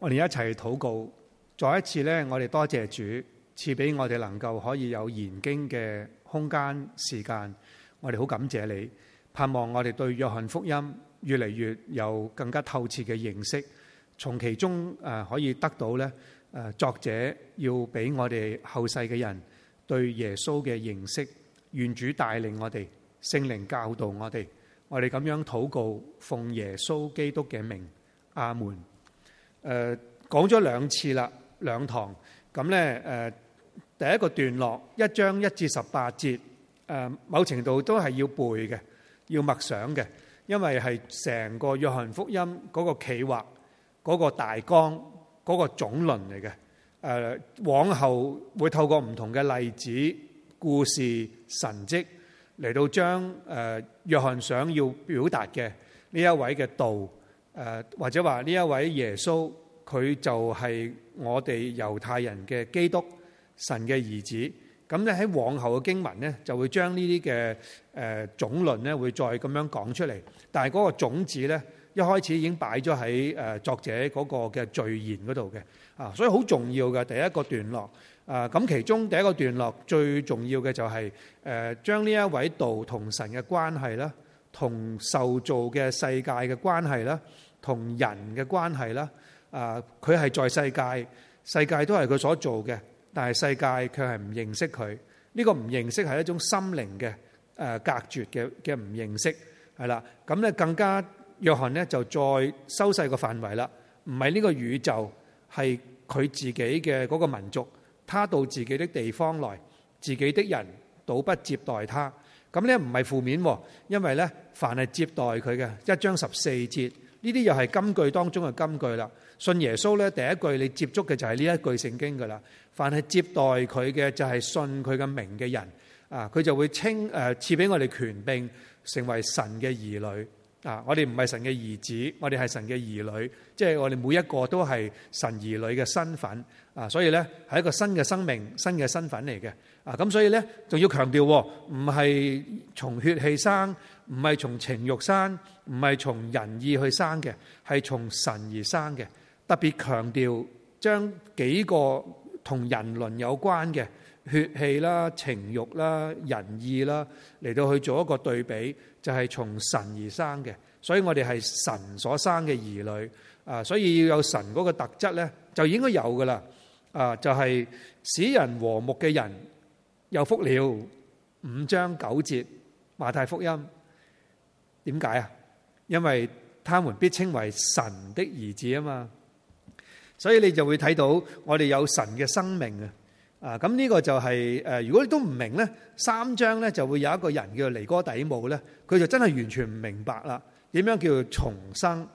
我哋一齊禱告，再一次咧，我哋多謝主賜俾我哋能夠可以有研經嘅空間時間，我哋好感謝你，盼望我哋對約翰福音越嚟越有更加透徹嘅認識，從其中誒可以得到咧誒作者要俾我哋後世嘅人對耶穌嘅認識，願主帶領我哋，聖靈教導我哋，我哋咁樣禱告，奉耶穌基督嘅名，阿門。誒、呃、講咗兩次啦，兩堂咁咧誒，第一個段落一章一至十八節，誒、呃、某程度都係要背嘅，要默想嘅，因為係成個約翰福音嗰個企劃、嗰、那個大綱、嗰、那個總論嚟嘅。誒、呃、往後會透過唔同嘅例子、故事、神蹟嚟到將誒、呃、約翰想要表達嘅呢一位嘅道。誒，或者話呢一位耶穌佢就係我哋猶太人嘅基督、神嘅兒子，咁咧喺往後嘅經文咧就會將呢啲嘅誒總論咧會再咁樣講出嚟，但係嗰個種子咧一開始已經擺咗喺誒作者嗰個嘅序言嗰度嘅啊，所以好重要嘅第一個段落啊，咁其中第一個段落最重要嘅就係誒將呢一位道同神嘅關係啦，同受造嘅世界嘅關係啦，同人嘅關係啦，啊、呃，佢係在世界，世界都係佢所做嘅，但係世界卻係唔認識佢。呢、這個唔認識係一種心靈嘅誒隔絕嘅嘅唔認識，係啦。咁咧更加約翰呢，就再收細個範圍啦，唔係呢個宇宙，係佢自己嘅嗰個民族，他到自己的地方來，自己的人倒不接待他。咁咧唔係負面，因為咧凡係接待佢嘅，一章十四節。呢啲又係金句當中嘅金句啦！信耶穌咧，第一句你接觸嘅就係呢一句聖經噶啦。凡係接待佢嘅，就係信佢嘅名嘅人啊，佢就會稱誒賜俾我哋權柄，成為神嘅兒女啊！我哋唔係神嘅兒子，我哋係神嘅兒女，即係我哋每一個都係神兒女嘅身份啊！所以咧係一個新嘅生命、新嘅身份嚟嘅啊！咁所以咧仲要強調，唔係從血氣生。唔係從情慾生，唔係從仁義去生嘅，係從神而生嘅。特別強調將幾個同人倫有關嘅血氣啦、情慾啦、仁義啦嚟到去做一個對比，就係從神而生嘅。所以我哋係神所生嘅兒女啊，所以要有神嗰個特質呢，就應該有㗎喇啊，就係使人和睦嘅人有福了，五章九節，馬太福音。點解啊？因為他們必稱為神的兒子啊嘛，所以你就會睇到我哋有神嘅生命啊！啊，咁呢個就係、是、誒，如果你都唔明咧，三章咧就會有一個人叫做尼哥底母咧，佢就真係完全唔明白啦。點樣叫做重生？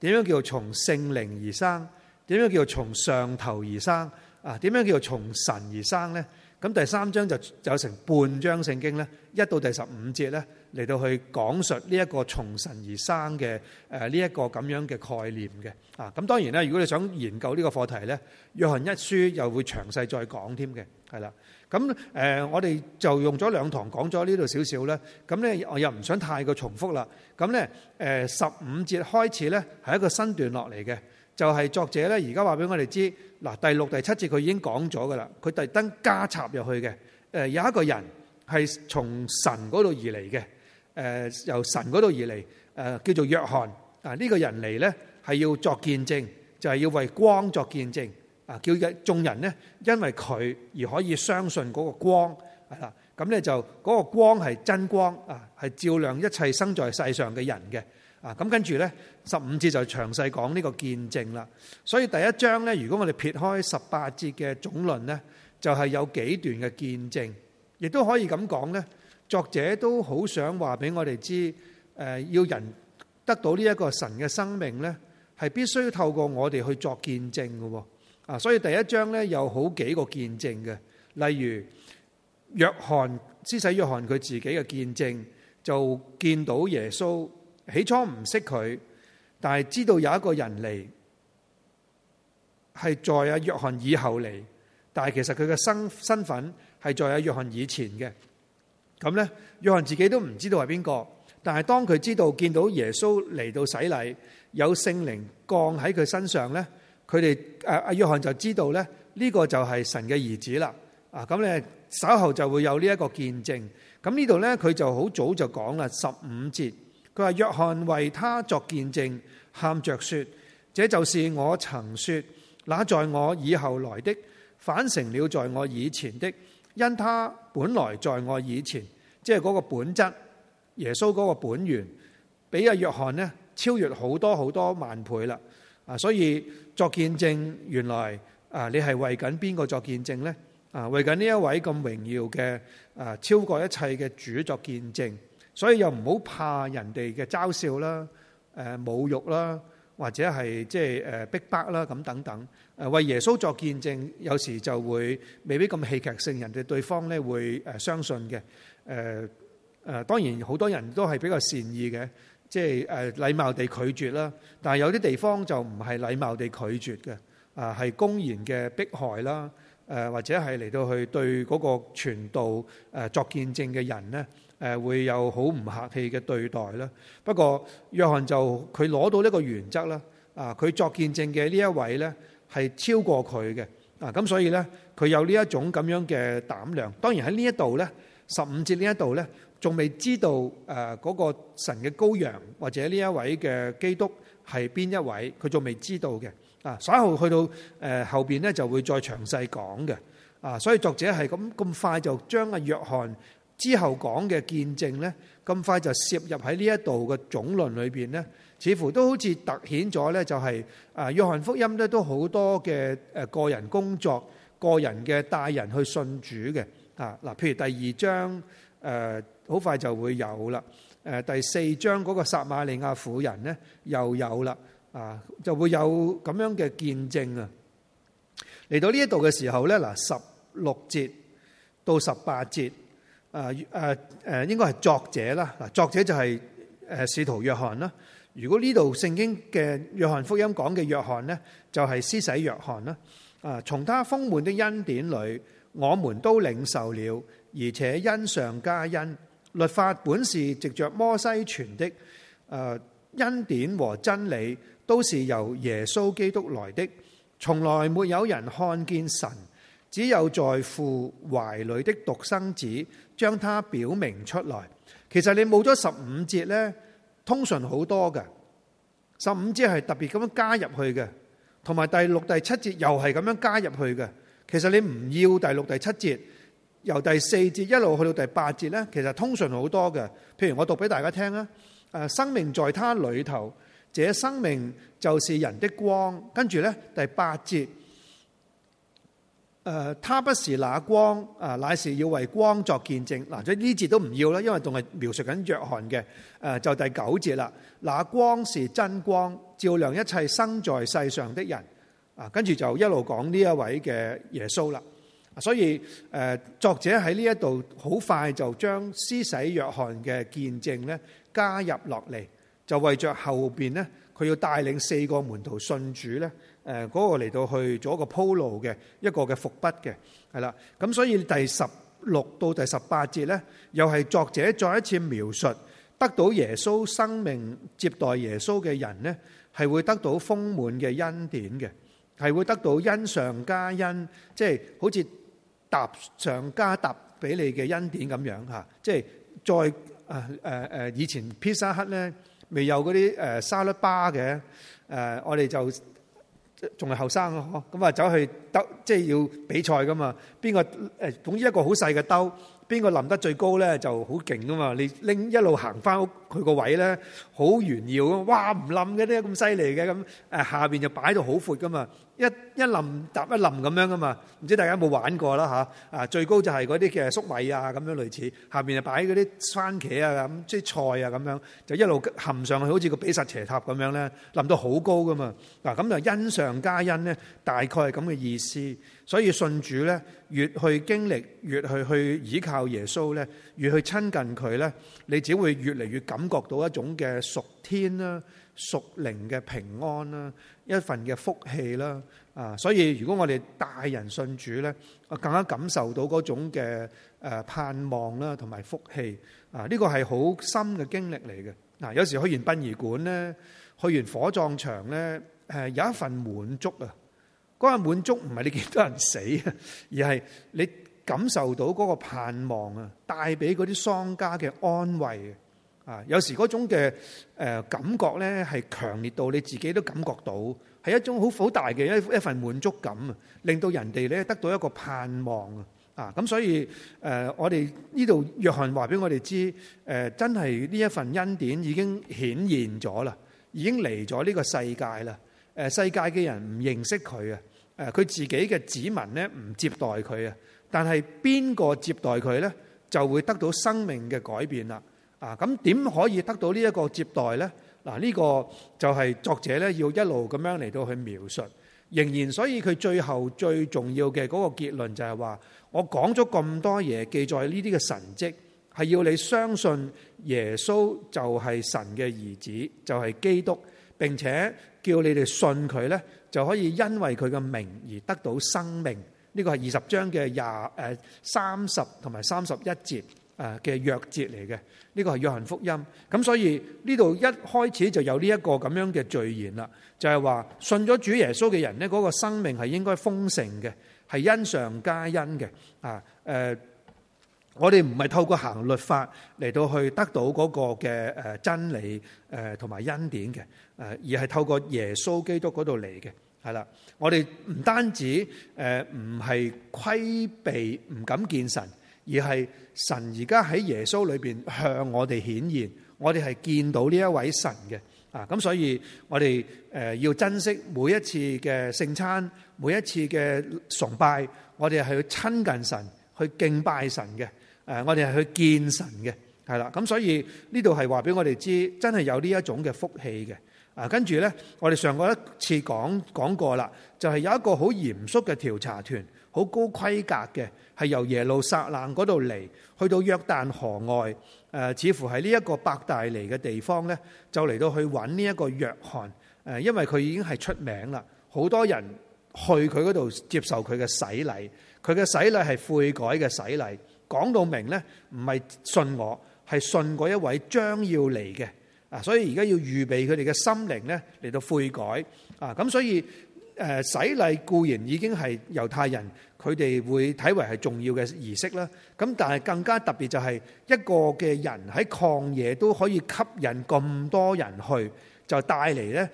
點樣叫做從聖靈而生？點樣叫做從上頭而生？啊，點樣叫做從神而生咧？咁第三章就就成半章聖經咧，一到第十五節咧。嚟到去講述呢一個從神而生嘅，誒呢一個咁樣嘅概念嘅啊！咁當然啦，如果你想研究呢個課題咧，《約翰一書》又會詳細再講添嘅，係啦。咁、嗯呃、我哋就用咗兩堂講咗呢度少少啦。咁、嗯、咧，我又唔想太過重複啦。咁、嗯、咧、呃、十五節開始咧係一個新段落嚟嘅，就係、是、作者咧而家話俾我哋知嗱，第六第七節佢已經講咗噶啦，佢特登加插入去嘅、呃。有一個人係從神嗰度而嚟嘅。誒由神嗰度而嚟，誒叫做約翰啊！呢個人嚟咧係要作見證，就係要為光作見證啊！叫人眾人咧，因為佢而可以相信嗰個光啊！咁咧就嗰個光係真光啊，係照亮一切生在世上嘅人嘅啊！咁跟住咧，十五節就詳細講呢個見證啦。所以第一章咧，如果我哋撇開十八節嘅總論咧，就係有幾段嘅見證，亦都可以咁講咧。作者都好想話俾我哋知，誒，要人得到呢一個神嘅生命呢，係必須透過我哋去作見證嘅。啊,所以第一章呢，有好幾個見證嘅，例如約翰，施洗約翰佢自己嘅見證就見到耶穌，起初唔識佢，但係知道有一個人嚟係在啊約翰以後嚟，但係其實佢嘅身身份係在啊約翰以前嘅。咁呢，約翰自己都唔知道係邊個，但係當佢知道見到耶穌嚟到洗禮，有聖靈降喺佢身上呢，佢哋誒阿約翰就知道呢，呢個就係神嘅兒子啦。啊，咁咧稍後就會有呢一個見證。咁呢度呢，佢就好早就講啦，十五節，佢話約翰為他作見證，喊着說：這就是我曾說，那在我以後來的，反成了在我以前的。因他本來在我以前，即係嗰個本質，耶穌嗰個本源，比阿約翰咧超越好多好多萬倍啦。啊，所以作見證，原來啊，你係為緊邊個作見證咧？啊，為緊呢一位咁榮耀嘅啊，超過一切嘅主作見證，所以又唔好怕人哋嘅嘲笑啦，誒，侮辱啦。或者係即係誒逼迫啦，咁等等，誒為耶穌作見證，有時就會未必咁戲劇性，人哋對方咧會誒相信嘅。誒誒，當然好多人都係比較善意嘅，即係誒禮貌地拒絕啦。但係有啲地方就唔係禮貌地拒絕嘅，啊係公然嘅迫害啦，誒或者係嚟到去對嗰個傳道誒作見證嘅人咧，會有好唔客氣嘅對待啦。不過，約翰就，之後講嘅見證呢，咁快就涉入喺呢一度嘅總論裏邊呢，似乎都好似突顯咗呢，就係啊，約翰福音呢，都好多嘅誒個人工作、個人嘅帶人去信主嘅啊嗱，譬如第二章誒好快就會有啦，誒第四章嗰個撒瑪利亞婦人呢，又有啦啊，就會有咁樣嘅見證啊。嚟到呢一度嘅時候呢，嗱，十六節到十八節。誒誒誒，應該係作者啦。嗱，作者就係誒使徒約翰啦。如果呢度聖經嘅約翰福音講嘅約翰呢，就係施洗約翰啦。啊，從他豐滿的恩典裏，我們都領受了，而且恩上加恩。律法本是藉着摩西傳的，誒恩典和真理都是由耶穌基督來的。從來沒有人看見神，只有在父懷裡的獨生子，將它表明出來，其實你冇咗十五節呢，通常好多嘅。十五節係特別咁樣加入去嘅，同埋第六、第七節又係咁樣加入去嘅。其實你唔要第六、第七節，由第四節一路去到第八節呢，其實通常好多嘅。譬如我讀俾大家聽啊，誒，生命在他裏頭，這生命就是人的光，跟住呢，第八節。誒，他不是那光，啊，乃是要為光作見證。嗱，咁呢節都唔要啦，因為仲係描述緊約翰嘅。誒，就第九節啦。那光是真光，照亮一切生在世上的人。啊，跟住就一路講呢一位嘅耶穌啦。所以誒，作者喺呢一度好快就將施洗約翰嘅見證咧加入落嚟，就為着後邊呢，佢要帶領四個門徒信主咧。誒、那、嗰個嚟到去做一個鋪路嘅一個嘅伏筆嘅係啦，咁所以第十六到第十八節咧，又係作者再一次描述得到耶穌生命接待耶穌嘅人咧，係會得到豐滿嘅恩典嘅，係會得到恩上加恩，即係好似搭上加搭俾你嘅恩典咁樣嚇，即係再誒誒誒以前 Pizza Hut 咧未有嗰啲誒沙律巴嘅誒，我哋就。仲係後生咯，咁啊走去兜，即係要比賽噶嘛？邊個誒，總之一個好細嘅兜，邊個冧得最高咧就好勁噶嘛？你拎一路行翻屋佢個位咧，好炫耀咁，哇唔冧嘅咧，咁犀利嘅，咁誒下邊就擺到好闊噶嘛。一一冧搭一冧咁樣噶嘛，唔知大家有冇玩過啦嚇？啊，最高就係嗰啲嘅粟米啊咁樣類似，下邊啊擺嗰啲番茄啊咁，即係菜啊咁樣，就一路冚上去，好似個比薩斜塔咁樣咧，冧到好高噶嘛。嗱，咁就恩上加恩咧，大概係咁嘅意思。所以信主咧，越去經歷，越去去倚靠耶穌咧，越去親近佢咧，你只會越嚟越感覺到一種嘅屬天啦。屬靈嘅平安啦，一份嘅福氣啦，啊，所以如果我哋大人信主咧，更加感受到嗰種嘅誒盼望啦，同埋福氣啊，呢個係好深嘅經歷嚟嘅。嗱，有時去完殯儀館咧，去完火葬場咧，誒有一份滿足啊！嗰個滿足唔係你見到人死，而係你感受到嗰個盼望啊，帶俾嗰啲喪家嘅安慰。有時嗰種嘅誒感覺咧，係強烈到你自己都感覺到，係一種好好大嘅一一份滿足感啊！令到人哋咧得到一個盼望啊！啊，咁所以誒，我哋呢度約翰話俾我哋知，誒，真係呢一份恩典已經顯現咗啦，已經嚟咗呢個世界啦。誒，世界嘅人唔認識佢啊，誒，佢自己嘅子民咧唔接待佢啊，但係邊個接待佢咧，就會得到生命嘅改變啦。啊，咁點可以得到呢一個接待呢？嗱，呢個就係作者咧要一路咁樣嚟到去描述。仍然，所以佢最後最重要嘅嗰個結論就係話：我講咗咁多嘢，記載呢啲嘅神蹟，係要你相信耶穌就係神嘅兒子，就係基督，並且叫你哋信佢呢，就可以因為佢嘅名而得到生命。呢個係二十章嘅廿誒三十同埋三十一節。誒嘅弱節嚟嘅，呢個係約翰福音咁，所以呢度一開始就有呢一個咁樣嘅序言啦，就係、是、話信咗主耶穌嘅人咧，嗰、那個生命係應該豐盛嘅，係恩上加恩嘅啊誒，我哋唔係透過行律法嚟到去得到嗰個嘅誒真理誒同埋恩典嘅誒，而係透過耶穌基督嗰度嚟嘅，係啦，我哋唔單止誒唔係規避唔敢見神。而係神而家喺耶穌裏邊向我哋顯現，我哋係見到呢一位神嘅啊。咁所以我哋誒要珍惜每一次嘅聖餐，每一次嘅崇拜，我哋係去親近神，去敬拜神嘅。誒，我哋係去見神嘅，係啦。咁所以呢度係話俾我哋知，真係有呢一種嘅福氣嘅啊。跟住呢，我哋上個一次講講過啦，就係、是、有一個好嚴肅嘅調查團，好高規格嘅。係由耶路撒冷嗰度嚟，去到約旦河外，誒，似乎係呢一個伯大尼嘅地方咧，就嚟到去揾呢一個約翰，誒，因為佢已經係出名啦，好多人去佢嗰度接受佢嘅洗禮，佢嘅洗禮係悔改嘅洗禮，講到明咧，唔係信我，係信嗰一位將要嚟嘅，啊，所以而家要預備佢哋嘅心靈咧嚟到悔改，啊，咁所以。誒，洗禮固然已經係猶太人，佢哋會睇為係重要嘅儀式啦。咁但係更加特別就係一個嘅人喺曠野都可以吸引咁多人去，就帶嚟咧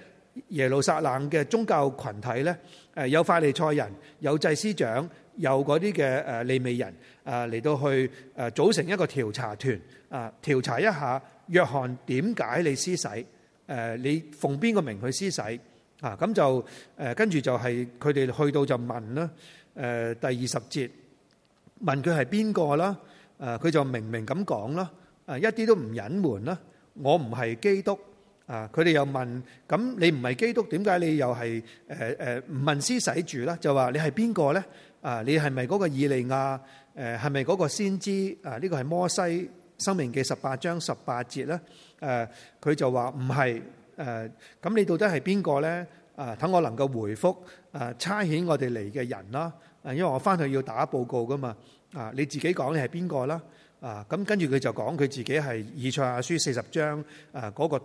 耶路撒冷嘅宗教群體咧，誒有法利賽人、有祭司長、有嗰啲嘅誒利美人啊，嚟到去誒組成一個調查團啊，調查一下約翰，點解你施洗？誒你奉邊個名去施洗？啊，咁就誒，跟住就係佢哋去到就問啦，誒第二十節問佢係邊個啦，誒佢就明明咁講啦，誒一啲都唔隱瞞啦，我唔係基督。啊佢哋又問，咁你唔係基督，點解你又係誒誒文斯使住咧？就話你係邊個咧？啊你係咪嗰個以利亞？誒係咪嗰個先知？啊呢個係摩西生命記十八章十八節咧？誒佢就話唔係。誒、啊、咁你到底係邊個咧？等、啊、我能夠回覆誒、啊、差遣我哋嚟嘅人啦、啊啊。因為我翻去要打報告噶嘛。啊，你自己講你係邊個啦？啊，咁跟住佢就講佢自己係以賽亞書四十章嗰個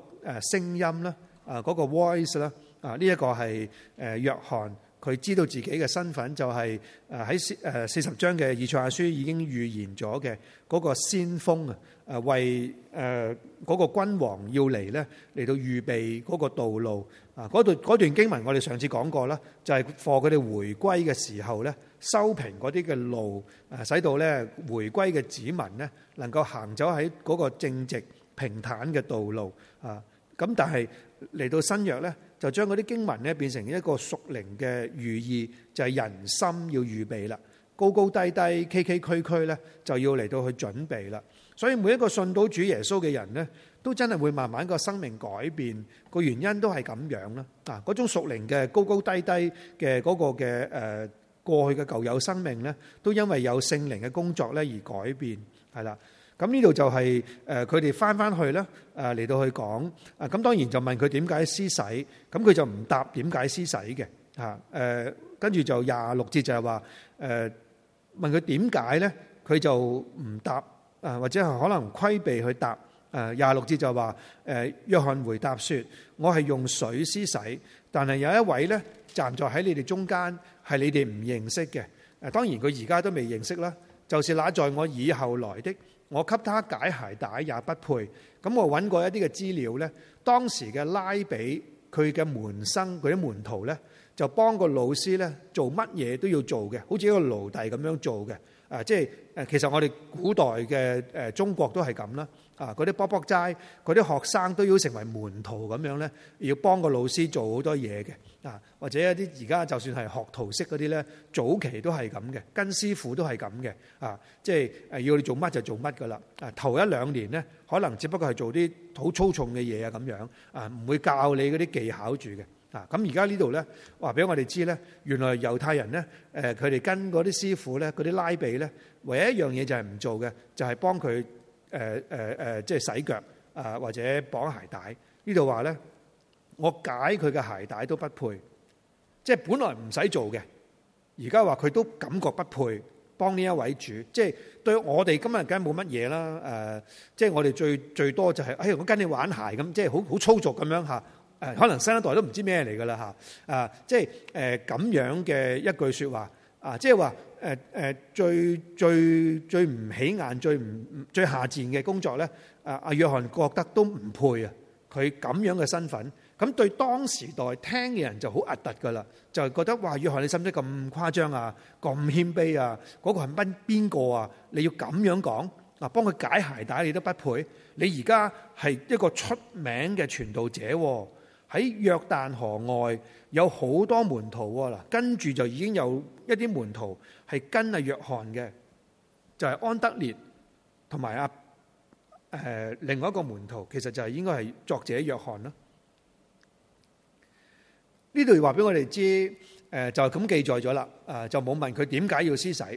聲聲音啦，嗰個 voice 啦。啊，呢、那、一個係誒、啊那個啊啊這個啊、約翰。佢知道自己嘅身份就係誒喺誒四十章嘅以賽亞書已經預言咗嘅嗰個先鋒啊，誒為誒嗰個君王要嚟呢，嚟到預備嗰個道路啊。嗰段嗰段經文我哋上次講過啦，就係課佢哋回歸嘅時候咧，修平嗰啲嘅路啊，使到咧回歸嘅子民呢，能夠行走喺嗰個正直平坦嘅道路啊。咁但係嚟到新約咧，就將嗰啲經文咧變成一個屬靈嘅寓意，就係人心要預備啦，高高低低、崎崎嶇嶇咧就要嚟到去準備啦。所以每一個信到主耶穌嘅人咧，都真係會慢慢個生命改變，個原因都係咁樣啦。啊，嗰種屬靈嘅高高低低嘅嗰個嘅誒過去嘅舊有生命咧，都因為有聖靈嘅工作咧而改變係啦。咁呢度就係佢哋翻翻去咧，嚟到去講，啊咁當然就問佢點解施洗，咁佢就唔答點解施洗嘅，跟住就廿六節就係話誒問佢點解咧，佢就唔答啊，或者係可能規避去答。誒廿六節就話誒約翰回答説：我係用水施洗，但係有一位咧站在喺你哋中間，係你哋唔認識嘅。誒當然佢而家都未認識啦，就是那在我以後來的。我給他解鞋帶也不配，咁我揾過一啲嘅資料咧，當時嘅拉比，佢嘅門生，佢啲門徒咧，就幫個老師咧做乜嘢都要做嘅，好似一個奴隸咁樣做嘅，啊，即係誒，其實我哋古代嘅誒中國都係咁啦。啊！嗰啲卜卜齋，嗰啲學生都要成為門徒咁樣咧，要幫個老師做好多嘢嘅。啊，或者一啲而家就算係學徒式嗰啲咧，早期都係咁嘅，跟師傅都係咁嘅。啊，即係誒要你做乜就做乜噶啦。啊，頭一兩年咧，可能只不過係做啲好粗重嘅嘢啊咁樣。啊，唔會教你嗰啲技巧住嘅。啊，咁而家呢度咧話俾我哋知咧，原來猶太人咧誒，佢哋跟嗰啲師傅咧，嗰啲拉比咧，唯一一樣嘢就係唔做嘅，就係幫佢。誒誒誒，即係洗腳啊、呃，或者綁鞋帶呢度話咧，我解佢嘅鞋帶都不配，即係本來唔使做嘅，而家話佢都感覺不配幫呢一位主，即係對我哋今日梗係冇乜嘢啦。誒、呃，即係我哋最最多就係、是，哎，我跟你玩鞋咁，即係好好粗俗咁樣嚇。誒、呃，可能新一代都唔知咩嚟㗎啦嚇。啊、呃，即係誒咁樣嘅一句説話。啊，即係話誒誒最最最唔起眼、最唔最下賤嘅工作咧，阿、啊、阿約翰覺得都唔配啊！佢咁樣嘅身份，咁對當時代聽嘅人就好核突㗎啦，就係覺得哇！約翰你使唔使咁誇張啊？咁謙卑啊？嗰、那個係乜邊個啊？你要咁樣講嗱、啊，幫佢解鞋帶你都不配，你而家係一個出名嘅傳道者喎、啊。喺約旦河外有好多門徒喎啦，跟住就已經有一啲門徒係跟阿約翰嘅，就係、是、安德烈同埋阿誒另外一個門徒，其實就係應該係作者約翰啦。呢度又話俾我哋知，誒就係咁記載咗啦。誒就冇問佢點解要施洗。誒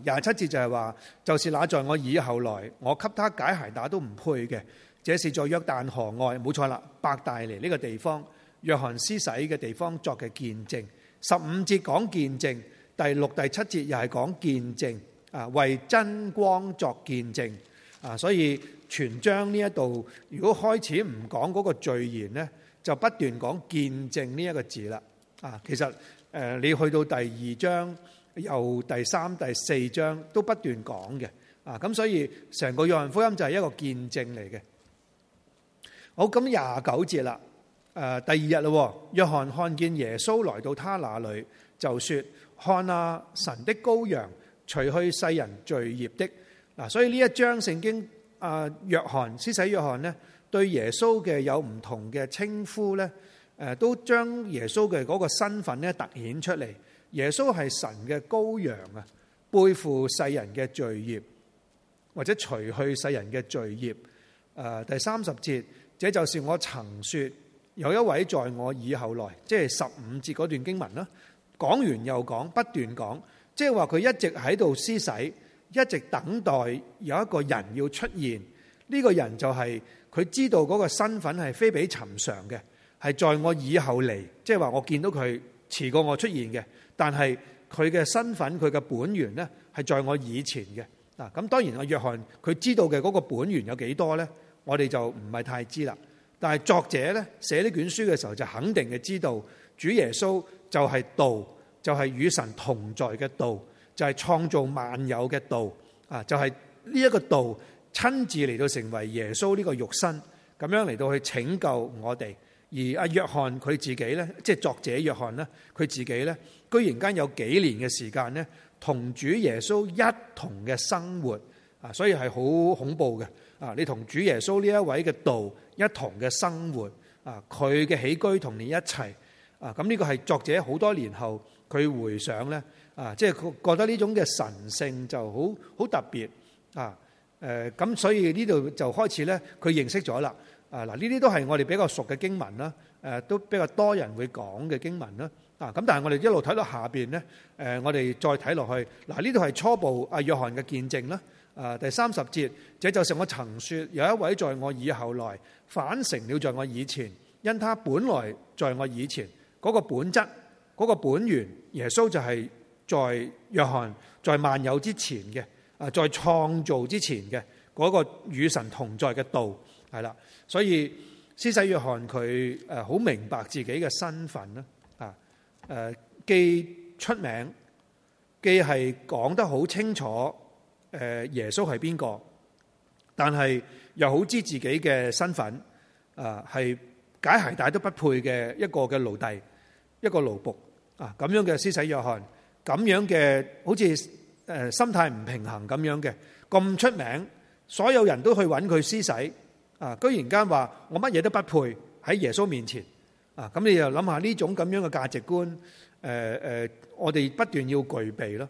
廿七節就係話，就是那在我以後來，我給他解鞋帶都唔配嘅。這是在約旦河外，冇錯啦，伯大尼呢個地方，約翰施洗嘅地方作嘅見證。十五節講見證，第六、第七節又係講見證，啊，為真光作見證，啊，所以全章呢一度，如果開始唔講嗰個序言呢，就不斷講見證呢一個字啦。啊，其實誒，你去到第二章、由第三、第四章都不斷講嘅，啊，咁所以成個約翰福音就係一個見證嚟嘅。好，咁廿九節啦，誒，第二日啦，約翰看見耶穌來到他那裏，就說：看啊，神的羔羊，除去世人罪孽的。嗱，所以呢一章聖經，阿約翰，施洗約翰咧，對耶穌嘅有唔同嘅稱呼咧，誒，都將耶穌嘅嗰個身份咧突顯出嚟。耶穌係神嘅羔羊啊，背負世人嘅罪孽，或者除去世人嘅罪孽。」誒，第三十節。這就是我曾說有一位在我以後來，即係十五節嗰段經文啦。講完又講不斷講，即係話，佢一直喺度施洗，一直等待有一個人要出現，呢個人就係佢知道嗰個身份係非比尋常嘅，係在我以後嚟，即係話，我見到佢遲過我出現嘅。但係佢嘅身份，佢嘅本源咧，係在我以前嘅。嗱，咁當然阿約翰佢知道嘅嗰個本源有幾多咧？我哋就唔係太知啦，但係作者呢，寫呢卷書嘅時候就肯定嘅知道，主耶穌就係道，就係與神同在嘅道，就係創造萬有嘅道啊！就係呢一個道親自嚟到成為耶穌呢個肉身，咁樣嚟到去拯救我哋。而阿約翰佢自己呢，即係作者約翰呢，佢自己呢，居然間有幾年嘅時間呢，同主耶穌一同嘅生活啊，所以係好恐怖嘅。啊！你同主耶穌呢一位嘅道一同嘅生活啊，佢嘅起居同你一齊啊！咁呢個係作者好多年後佢回想咧啊，即係覺得呢種嘅神性就好好特別啊！誒，咁所以呢度就開始咧，佢認識咗啦啊！嗱，呢啲都係我哋比較熟嘅經文啦，誒，都比較多人會講嘅經文啦啊！咁但係我哋一路睇到下面咧，誒，我哋再睇落去嗱，呢度係初步阿約翰嘅見證啦。第三十節，這就是我曾說有一位在我以後來，反成了在我以前，因他本來在我以前。嗰、那個本質，嗰、那個本源，耶穌就係在約翰在萬有之前嘅，啊，在創造之前嘅嗰、那個與神同在嘅道，係啦，所以施洗約翰佢誒好明白自己嘅身份啦，啊，既出名，既係講得好清楚。誒，耶穌係邊個？但係又好知自己嘅身份，啊，係解鞋帶都不配嘅一個嘅奴隸，一個奴僕啊，咁樣嘅施洗約翰，咁樣嘅好似誒心態唔平衡咁樣嘅，咁出名，所有人都去揾佢施洗，啊，居然間話我乜嘢都不配喺耶穌面前，啊，咁你又諗下呢種咁樣嘅價值觀，誒誒，我哋不斷要具備咯。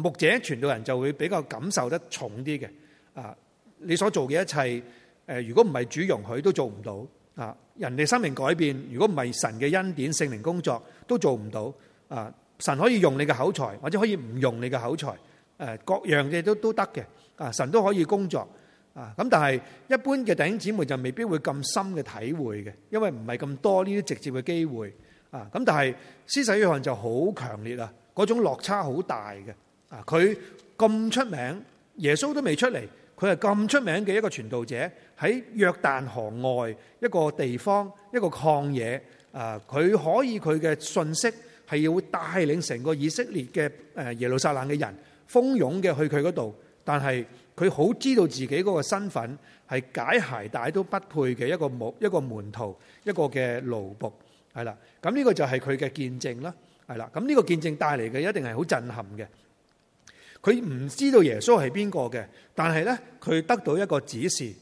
牧者傳道人就會比較感受得重啲嘅，啊，你所做嘅一切，誒，如果唔係主容許都做唔到，啊，人哋生命改變，如果唔係神嘅恩典、聖靈工作都做唔到，啊，神可以用你嘅口才，或者可以唔用你嘅口才，誒，各樣嘢都都得嘅，啊，神都可以工作，啊，咁但係一般嘅弟兄姊妹就未必會咁深嘅體會嘅，因為唔係咁多呢啲直接嘅機會，啊，咁但係施洗約翰就好強烈啊，嗰種落差好大嘅。佢咁出名，耶穌都未出嚟，佢係咁出名嘅一個傳道者，喺約旦河外一個地方，一個曠野啊！佢可以，佢嘅訊息係要帶領成個以色列嘅，誒，耶路撒冷嘅人蜂擁嘅去佢嗰度，但係佢好知道自己嗰個身份係解鞋帶都不配嘅一個，冇一個門徒，一個嘅奴僕係啦。咁呢個就係佢嘅見證啦，係啦。咁呢個見證帶嚟嘅一定係好震撼嘅。佢唔知道耶穌係邊個嘅，但係呢，佢得到一個指示，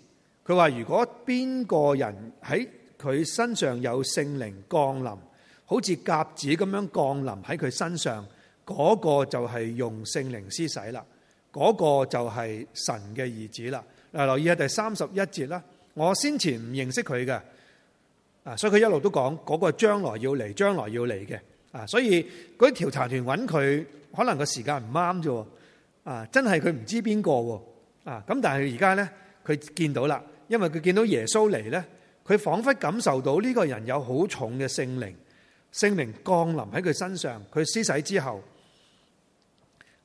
佢話如果邊個人喺佢身上有聖靈降臨，好似鴿子咁樣降臨喺佢身上，嗰個就係用聖靈施洗啦，嗰個就係神嘅兒子啦。嗱，留意下第三十一節啦，我先前唔認識佢嘅，啊，所以佢一路都講嗰個將來要嚟，將來要嚟嘅，啊，所以佢啲調查團揾佢，可能個時間唔啱啫。啊！真係佢唔知邊個喎啊！咁、啊、但係而家咧，佢見到啦，因為佢見到耶穌嚟咧，佢仿佛感受到呢個人有好重嘅聖靈，聖靈降臨喺佢身上。佢施洗之後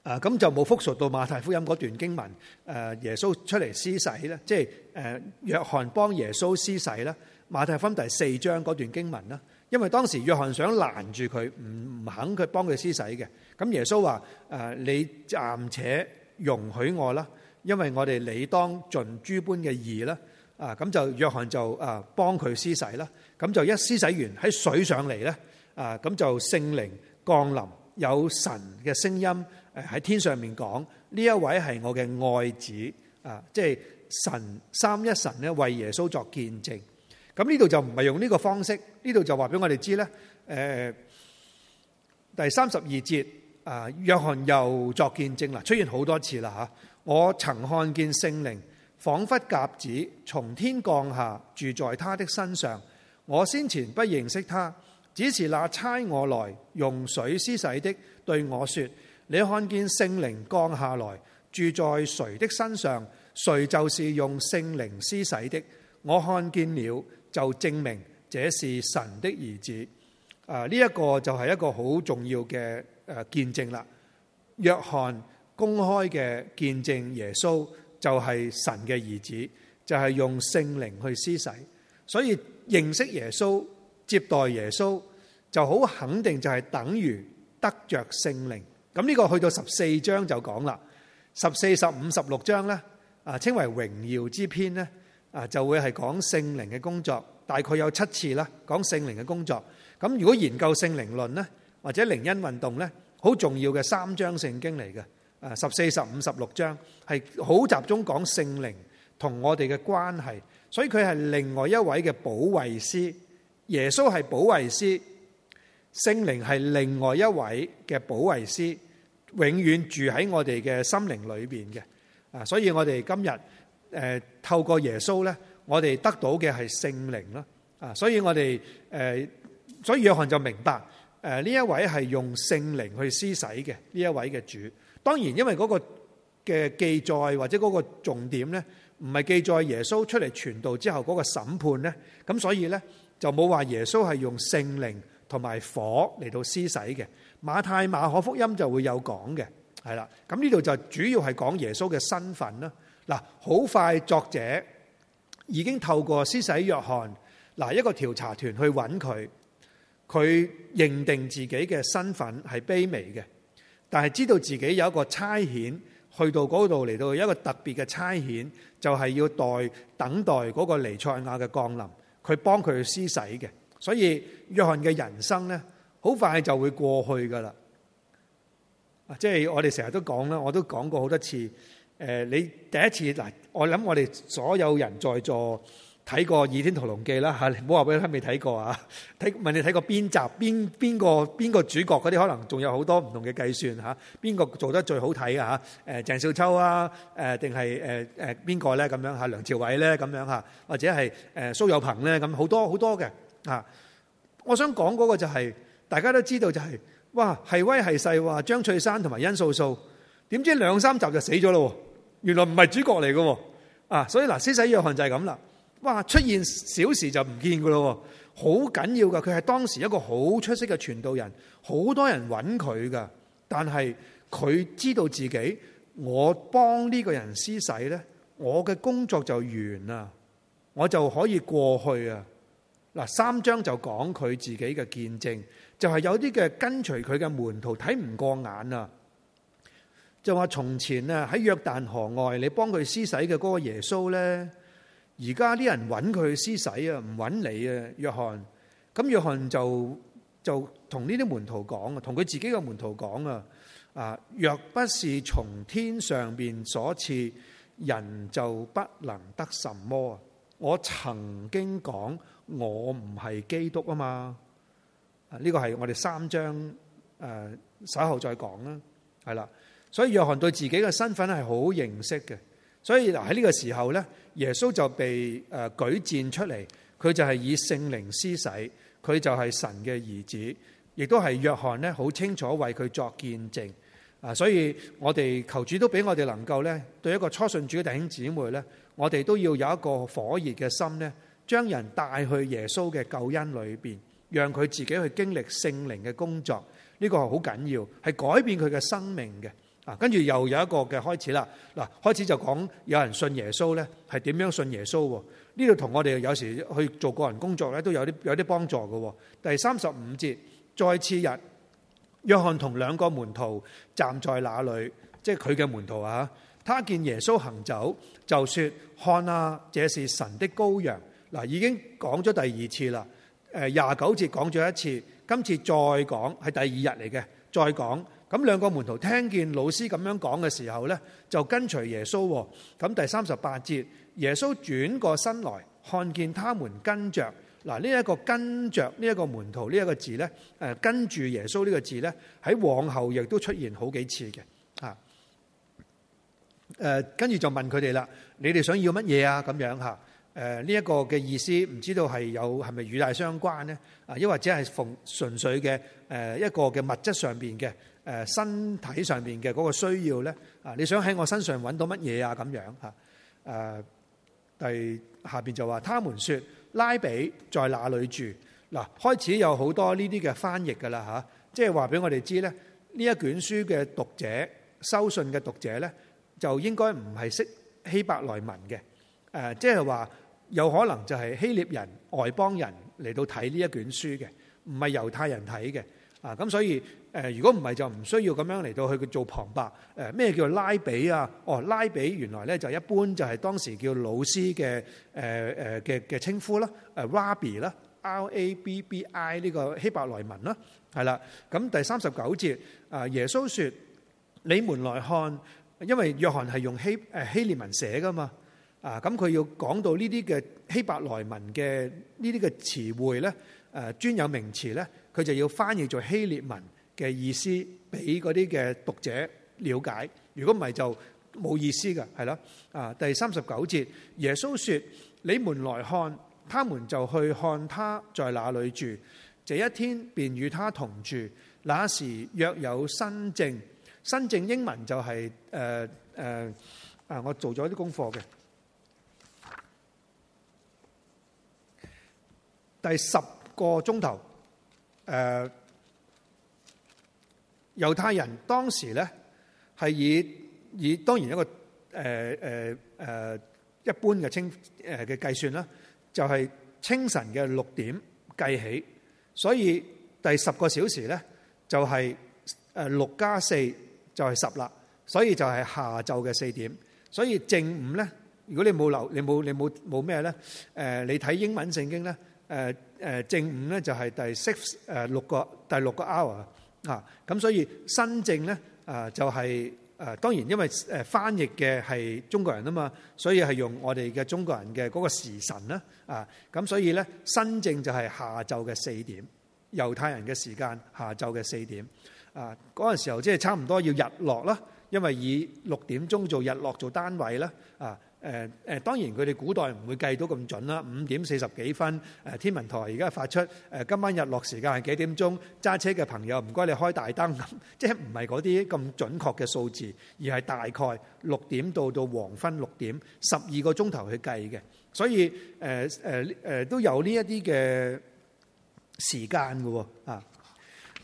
啊，咁就冇復述到馬太福音嗰段經文。啊、耶穌出嚟施洗咧，即、啊、係、就是啊、約翰幫耶穌施洗啦。馬太福音第四章嗰段經文啦。因為當時約翰想攔住佢。咁呢度就唔係用呢個方式，呢度就話俾我哋知咧。誒、呃，第三十二節啊，約翰又作見證啦，出現好多次啦吓。我曾看見聖靈仿佛鴿子從天降下，住在他的身上。我先前不認識他，只是那差我來用水施洗的對我說：你看見聖靈降下來，住在誰的身上，誰就是用聖靈施洗的。我看見了。就證明這是神的兒子，啊、這、呢、個、一個就係一個好重要嘅誒見證啦。約翰公開嘅見證耶穌就係神嘅兒子，就係、是、用聖靈去施洗，所以認識耶穌、接待耶穌就好肯定，就係等於得着聖靈。咁、這、呢個去到十四章就講啦，十四、十五、十六章呢啊，稱為榮耀之篇呢。啊，就會係講聖靈嘅工作，大概有七次啦。講聖靈嘅工作，咁如果研究聖靈論呢，或者靈恩運動呢，好重要嘅三章聖經嚟嘅。啊，十四、十五、十六章係好集中講聖靈同我哋嘅關係，所以佢係另外一位嘅保惠師。耶穌係保惠師，聖靈係另外一位嘅保惠師，永遠住喺我哋嘅心靈裏邊嘅。啊，所以我哋今日。誒，透過耶穌咧，我哋得到嘅係聖靈啦，啊，所以我哋誒，所以約翰就明白誒，呢一位係用聖靈去施洗嘅呢一位嘅主。當然因為嗰個嘅記載或者嗰個重點咧，唔係記載耶穌出嚟傳道之後嗰個審判咧，咁所以咧就冇話耶穌係用聖靈同埋火嚟到施洗嘅。馬太、馬可福音就會有講嘅，係啦。咁呢度就主要係講耶穌嘅身份啦。嗱，好快作者已經透過施洗約翰，嗱一個調查團去揾佢，佢認定自己嘅身份係卑微嘅，但係知道自己有一個差遣去到嗰度嚟到一個特別嘅差遣，就係、是、要待等待嗰個彌賽亞嘅降臨，佢幫佢施洗嘅，所以約翰嘅人生咧，好快就會過去㗎喇。即、就、係、是、我哋成日都講啦，我都講過好多次。誒，你第一次嗱，我諗我哋所有人在座睇過《倚天屠龍記》啦嚇，你唔好話俾人聽未睇過啊！睇問你睇過邊集？邊邊個邊個主角嗰啲可能仲有好多唔同嘅計算嚇？邊個做得最好睇啊嚇？誒鄭少秋啊，定係誒誒邊個咧咁樣嚇？梁朝偉咧咁樣嚇？或者係誒、呃、蘇有朋咧咁好多好多嘅、啊、我想講嗰個就係、是、大家都知道就係、是、哇係威係勢話張翠山同埋殷素素，點知兩三集就死咗咯喎！原來唔係主角嚟噶，啊！所以嗱，施洗約翰就係咁啦。哇，出現小事就唔見噶咯，好緊要噶。佢係當時一個好出色嘅傳道人，好多人揾佢噶。但係佢知道自己，我幫呢個人施洗咧，我嘅工作就完啦，我就可以過去啊。嗱，三章就講佢自己嘅見證，就係、是、有啲嘅跟隨佢嘅門徒睇唔過眼啊。就話從前啊喺約旦河外你幫佢施洗嘅嗰個耶穌咧，而家啲人揾佢施洗啊，唔揾你啊，約翰。咁約翰就就同呢啲門徒講啊，同佢自己嘅門徒講啊，啊，若不是從天上邊所賜，人就不能得什麼啊。我曾經講我唔係基督啊嘛。呢、這個係我哋三章誒，稍後再講啦，係啦。所以約翰對自己嘅身份係好認識嘅，所以喺呢個時候呢，耶穌就被誒舉薦出嚟，佢就係以聖靈施洗，佢就係神嘅兒子，亦都係約翰咧好清楚為佢作見證啊！所以我哋求主都俾我哋能夠咧，對一個初信主嘅弟兄姊妹呢，我哋都要有一個火熱嘅心呢，將人帶去耶穌嘅救恩裏邊，讓佢自己去經歷聖靈嘅工作，呢個係好緊要，係改變佢嘅生命嘅。跟住又有一個嘅開始啦。嗱，開始就講有人信耶穌呢，係點樣信耶穌喎？呢度同我哋有時去做個人工作呢都有啲有啲幫助嘅。第三十五節，再次日，約翰同兩個門徒站在那裡，即係佢嘅門徒啊！他見耶穌行走，就說：看啊，這是神的羔羊。嗱，已經講咗第二次啦。誒廿九節講咗一次，今次再講係第二日嚟嘅，再講。咁兩個門徒聽見老師咁樣講嘅時候咧，就跟隨耶穌。咁第三十八節，耶穌轉過身來看見他們跟着。嗱，呢一個跟着呢一、這個門徒呢一個字咧，誒，跟住耶穌呢個字咧，喺往後亦都出現好幾次嘅。吓，誒，跟住就問佢哋啦，你哋想要乜嘢啊？咁樣吓，誒，呢一個嘅意思唔知道係有係咪與大相關咧？啊，抑或者係逢純粹嘅，誒，一個嘅物質上邊嘅。誒身體上面嘅嗰個需要咧啊，你想喺我身上揾到乜嘢啊？咁樣嚇誒，第下邊就話，他們説拉比在哪裏住？嗱，開始有好多呢啲嘅翻譯噶啦嚇，即係話俾我哋知咧，呢一卷書嘅讀者、收信嘅讀者咧，就應該唔係識希伯來文嘅誒、啊，即係話有可能就係希臘人、外邦人嚟到睇呢一卷書嘅，唔係猶太人睇嘅啊，咁所以。誒，如果唔係就唔需要咁樣嚟到去佢做旁白。誒，咩叫拉比啊？哦，拉比原來咧就一般就係當時叫老師嘅誒誒嘅嘅稱呼啦。誒，rabbi 啦，R-A-B-B-I 呢個希伯來文啦，係啦。咁第三十九節啊，耶穌說，你們來看，因為約翰係用希誒希臘文寫噶嘛啊，咁佢要講到呢啲嘅希伯來文嘅呢啲嘅詞彙咧，誒專有名詞咧，佢就要翻譯做希臘文。嘅意思俾嗰啲嘅讀者了解，如果唔係就冇意思嘅，係咯啊！第三十九節，耶穌說：你們來看，他們就去看他在哪裡住，這一天便與他同住。那時約有新證，新證英文就係誒誒啊！我做咗啲功課嘅第十個鐘頭誒。呃猶太人當時咧係以以當然一個誒誒誒一般嘅清誒嘅計算啦，就係清晨嘅六點計起，所以第十個小時咧就係誒六加四就係十啦，所以就係下晝嘅四點。所以正午咧，如果你冇留你冇你冇冇咩咧誒，你睇英文聖經咧誒誒正午咧就係第 six 誒六個第六個 hour。嚇、啊！咁所以申初咧，誒、啊、就係、是、誒、啊、當然因為誒翻譯嘅係中國人啊嘛，所以係用我哋嘅中國人嘅嗰個時辰啦。啊！咁、啊、所以咧申初就係下晝嘅四點，猶太人嘅時間下晝嘅四點。啊！嗰、那、陣、個、時候即係差唔多要日落啦，因為以六點鐘做日落做單位啦。啊！誒誒，當然佢哋古代唔會計到咁準啦，五點四十幾分。誒天文台而家發出誒今晚日落時間係幾點鐘？揸車嘅朋友唔該你開大燈咁，即係唔係嗰啲咁準確嘅數字，而係大概六點到到黃昏六點十二個鐘頭去計嘅。所以誒誒誒都有呢一啲嘅時間嘅喎，啊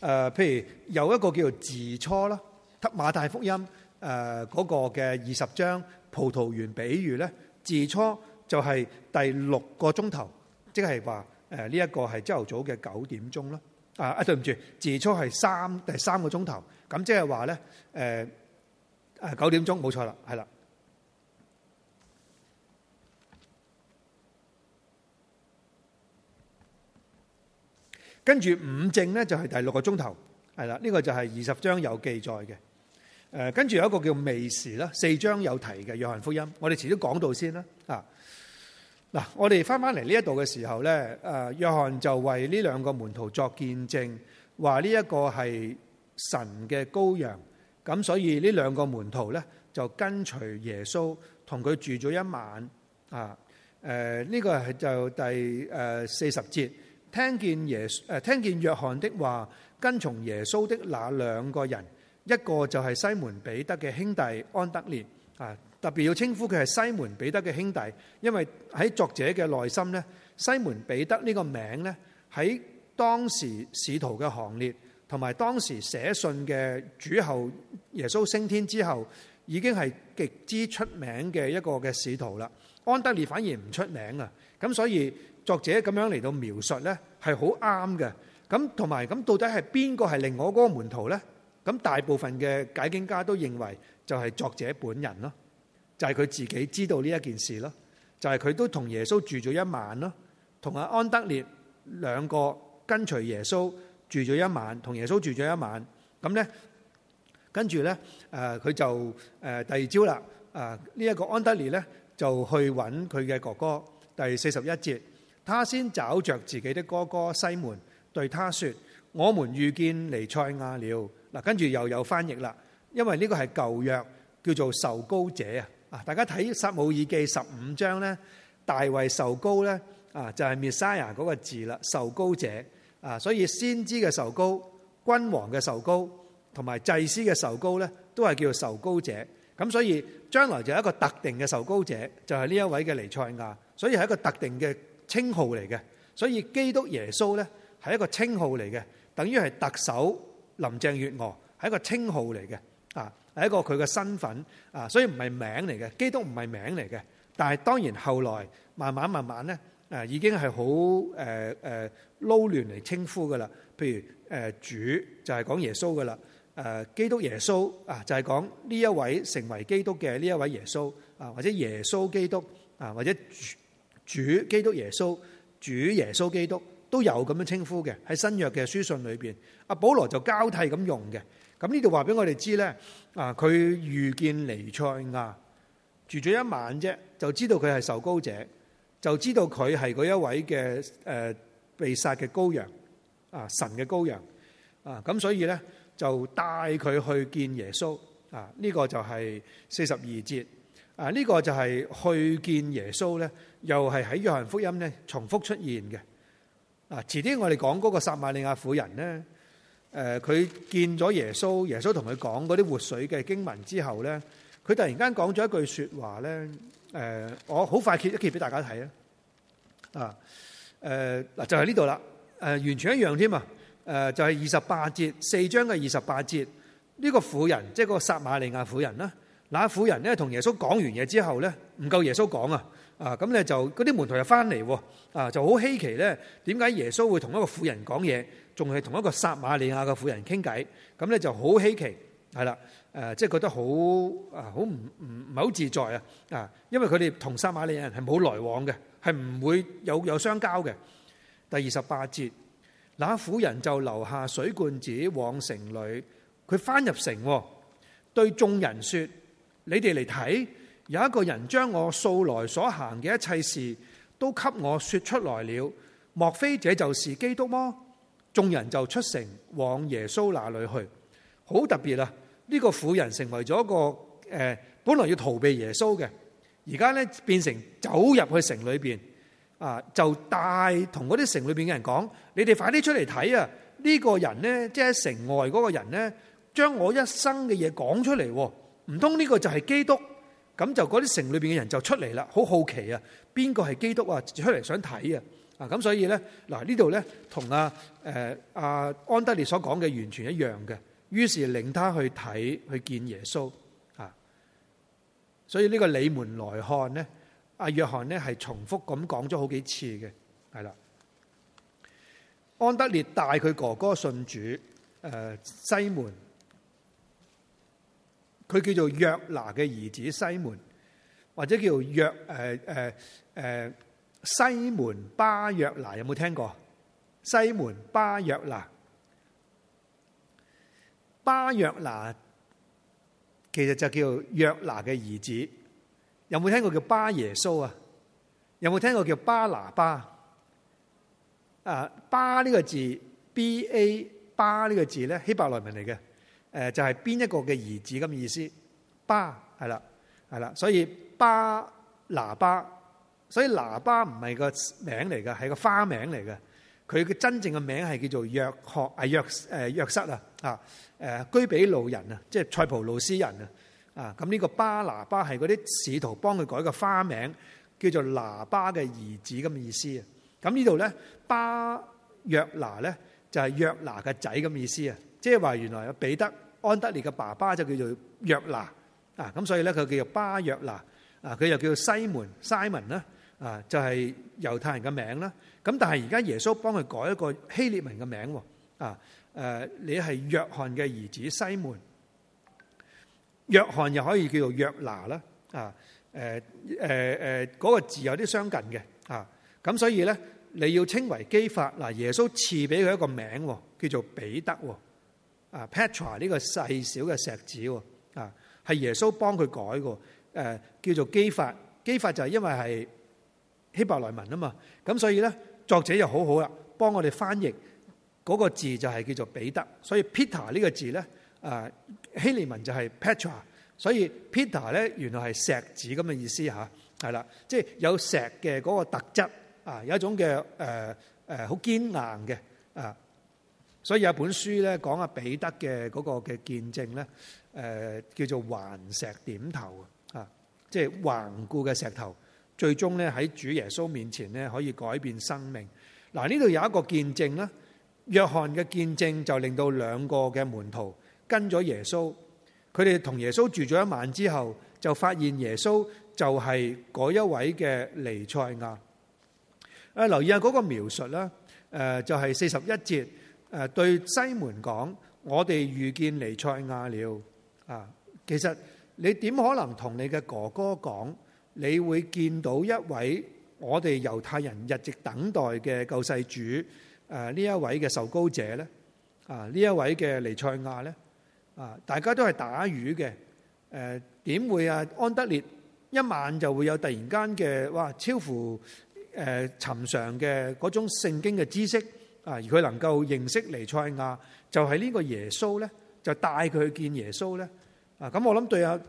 誒，譬如有一個叫做自初啦，《馬太福音》誒嗰個嘅二十章。葡萄園，比喻咧，自初就係第六個鐘頭，即係話誒呢一個係朝頭早嘅九點鐘咯。啊，對唔住，自初係三、第三個鐘頭，咁即係話咧誒誒九點鐘冇錯啦，係啦。跟住五正咧就係第六個鐘頭，係啦，呢個就係二十章有記載嘅。誒，跟住有一個叫未時啦，四章有提嘅約翰福音，我哋遲啲講到先啦。啊，嗱，我哋翻翻嚟呢一度嘅時候咧，誒，約翰就為呢兩個門徒作見證，話呢一個係神嘅羔羊，咁所以呢兩個門徒咧就跟隨耶穌，同佢住咗一晚。啊，誒，呢個係就第誒四十節，聽見耶誒聽見約翰的話，跟從耶穌的那兩個人。一個就係西門彼得嘅兄弟安德烈啊，特別要稱呼佢係西門彼得嘅兄弟，因為喺作者嘅內心呢，西門彼得呢個名呢喺當時使徒嘅行列同埋當時寫信嘅主後，耶穌升天之後已經係極之出名嘅一個嘅使徒啦。安德烈反而唔出名啊，咁所以作者咁樣嚟到描述呢係好啱嘅。咁同埋咁到底係邊個係另外嗰個門徒呢？咁大部分嘅解經家都認為就係作者本人咯，就係佢自己知道呢一件事咯，就係佢都同耶穌住咗一晚咯，同阿安德烈兩個跟隨耶穌住咗一晚，同耶穌住咗一晚。咁咧跟住咧，誒佢就誒第二朝啦。誒呢一個安德烈咧就去揾佢嘅哥哥。第四十一節，他先找著自己的哥哥西門，對他說：我們遇見尼賽亞彌賽亞了。跟住又有翻譯啦，因為呢個係，舊約叫做受膏者，大家睇撒母耳記十五章。林鄭月娥係一個稱號嚟嘅，啊係一個佢嘅身份，啊所以唔係名嚟嘅。基督唔係名嚟嘅，但係當然後來慢慢慢慢咧，誒已經係好誒誒撈亂嚟稱呼㗎喇。譬如誒主就係講耶穌㗎喇，誒基督耶穌啊，就係講呢一位成為基督嘅呢一位耶穌啊，或者耶穌基督啊，或者主基督耶穌、主耶穌基督。都有咁樣稱呼嘅，喺新約嘅書信裏邊，阿保羅就交替咁用嘅。咁呢度話俾我哋知咧，啊，佢遇見彌賽亞住咗一晚啫，就知道佢係受膏者，就知道佢係嗰一位嘅誒被殺嘅羔羊啊，神嘅羔羊啊，咁所以咧就帶佢去見耶穌啊，呢個就係四十二節啊，呢個就係去見耶穌咧，又係喺約翰福音咧重複出現嘅。啊！遲啲我哋講嗰個撒瑪利亞婦人咧，誒佢見咗耶穌，耶穌同佢講嗰啲活水嘅經文之後咧，佢突然間講咗一句説話咧，誒我好快揭一揭俾大家睇啊！啊，誒嗱就係呢度啦，誒完全一樣添啊！誒就係二十八節，四章嘅二十八節，呢、這個婦人即係、就是、個撒瑪利亞婦人啦，那婦人咧同耶穌講完嘢之後咧，唔夠耶穌講啊！啊，咁咧就嗰啲門徒又翻嚟喎，啊就好稀奇咧，點解耶穌會同一個婦人講嘢，仲係同一個撒瑪利亞嘅婦人傾偈，咁咧就好稀奇，係啦，誒即係覺得好啊，好唔唔唔係好自在啊，啊，因為佢哋同撒瑪利亞人係冇來往嘅，係唔會有有相交嘅。第二十八節，那婦人就留下水罐子往城裏，佢翻入城，對眾人説：你哋嚟睇。有一個人將我素來所行嘅一切事都給我說出來了，莫非這就是基督麼？眾人就出城往耶穌那裏去。好特別啊！呢、這個婦人成為咗一個誒、呃，本來要逃避耶穌嘅，而家咧變成走入去城裏邊啊，就帶同嗰啲城裏邊嘅人講，你哋快啲出嚟睇啊！呢、這個人呢，即、就、係、是、城外嗰個人呢，將我一生嘅嘢講出嚟，唔通呢個就係基督？咁就嗰啲城裏邊嘅人就出嚟啦，好好奇啊！邊個係基督啊？出嚟想睇啊！啊咁所以咧，嗱呢度咧同阿誒阿安德烈所講嘅完全一樣嘅。於是令他去睇去見耶穌啊！所以呢，呢、啊啊啊所啊、所以個你們來看咧，阿約翰咧係重複咁講咗好幾次嘅，係啦。安德烈帶佢哥哥信主，誒、啊、西門。佢叫做約拿嘅兒子西門，或者叫約誒誒誒西門巴約拿，有冇聽過？西門巴約拿，巴約拿其實就叫約拿嘅兒子。有冇聽過叫巴耶穌啊？有冇聽過叫巴拿巴？啊，巴呢個字 B A，巴呢個字咧希伯來文嚟嘅。誒就係、是、邊一個嘅兒子咁嘅意思，巴係啦係啦，所以巴拿巴，所以拿巴唔係個名嚟嘅，係個花名嚟嘅。佢嘅真正嘅名係叫做約學，係約誒約瑟啊啊誒居比路人啊，即係塞浦路斯人啊啊，咁呢個巴拿巴係嗰啲使徒幫佢改個花名，叫做拿巴嘅兒子咁嘅意思啊。咁呢度咧巴約拿咧就係、是、約拿嘅仔咁嘅意思啊，即係話原來阿彼得。安德烈嘅爸爸就叫做約拿，啊咁所以咧佢叫做巴約拿，啊佢又叫做西門 Simon 啦，啊就係猶太人嘅名啦。咁但係而家耶穌幫佢改一個希臘文嘅名喎，啊誒你係約翰嘅兒子西門，約翰又可以叫做約拿啦，啊誒誒誒嗰個字有啲相近嘅，啊咁所以咧你要稱為基法嗱，耶穌賜俾佢一個名叫做彼得喎。啊，Petra 呢個細小嘅石子喎，啊，係耶穌幫佢改嘅，誒叫做基法，基法就係因為係希伯來文啊嘛，咁所以咧作者就好好啦，幫我哋翻譯嗰個字就係叫做彼得，所以 Peter 呢個字咧，啊希利文就係 Petra，所以 Peter 咧原來係石子咁嘅意思嚇，係啦，即係有石嘅嗰個特質，啊有一種嘅誒誒好堅硬嘅啊。呃所以有本書咧講阿彼得嘅嗰個嘅見證咧，誒叫做頑石點頭啊，即係頑固嘅石頭，最終咧喺主耶穌面前咧可以改變生命嗱。呢度有一個見證啦，約翰嘅見證就令到兩個嘅門徒跟咗耶穌，佢哋同耶穌住咗一晚之後，就發現耶穌就係嗰一位嘅彌賽亞。誒，留意下嗰個描述啦，誒就係四十一節。誒對西門講，我哋遇見彌賽亞了啊！其實你點可能同你嘅哥哥講，你會見到一位我哋猶太人日夕等待嘅救世主？誒呢一位嘅受膏者咧？啊呢一位嘅彌賽亞咧？啊大家都係打魚嘅，誒點會啊安德烈一晚就會有突然間嘅哇超乎誒尋常嘅嗰種聖經嘅知識？啊！而佢能夠認識彌賽亞，就係呢個耶穌咧，就帶佢去見耶穌咧。啊！咁我諗對阿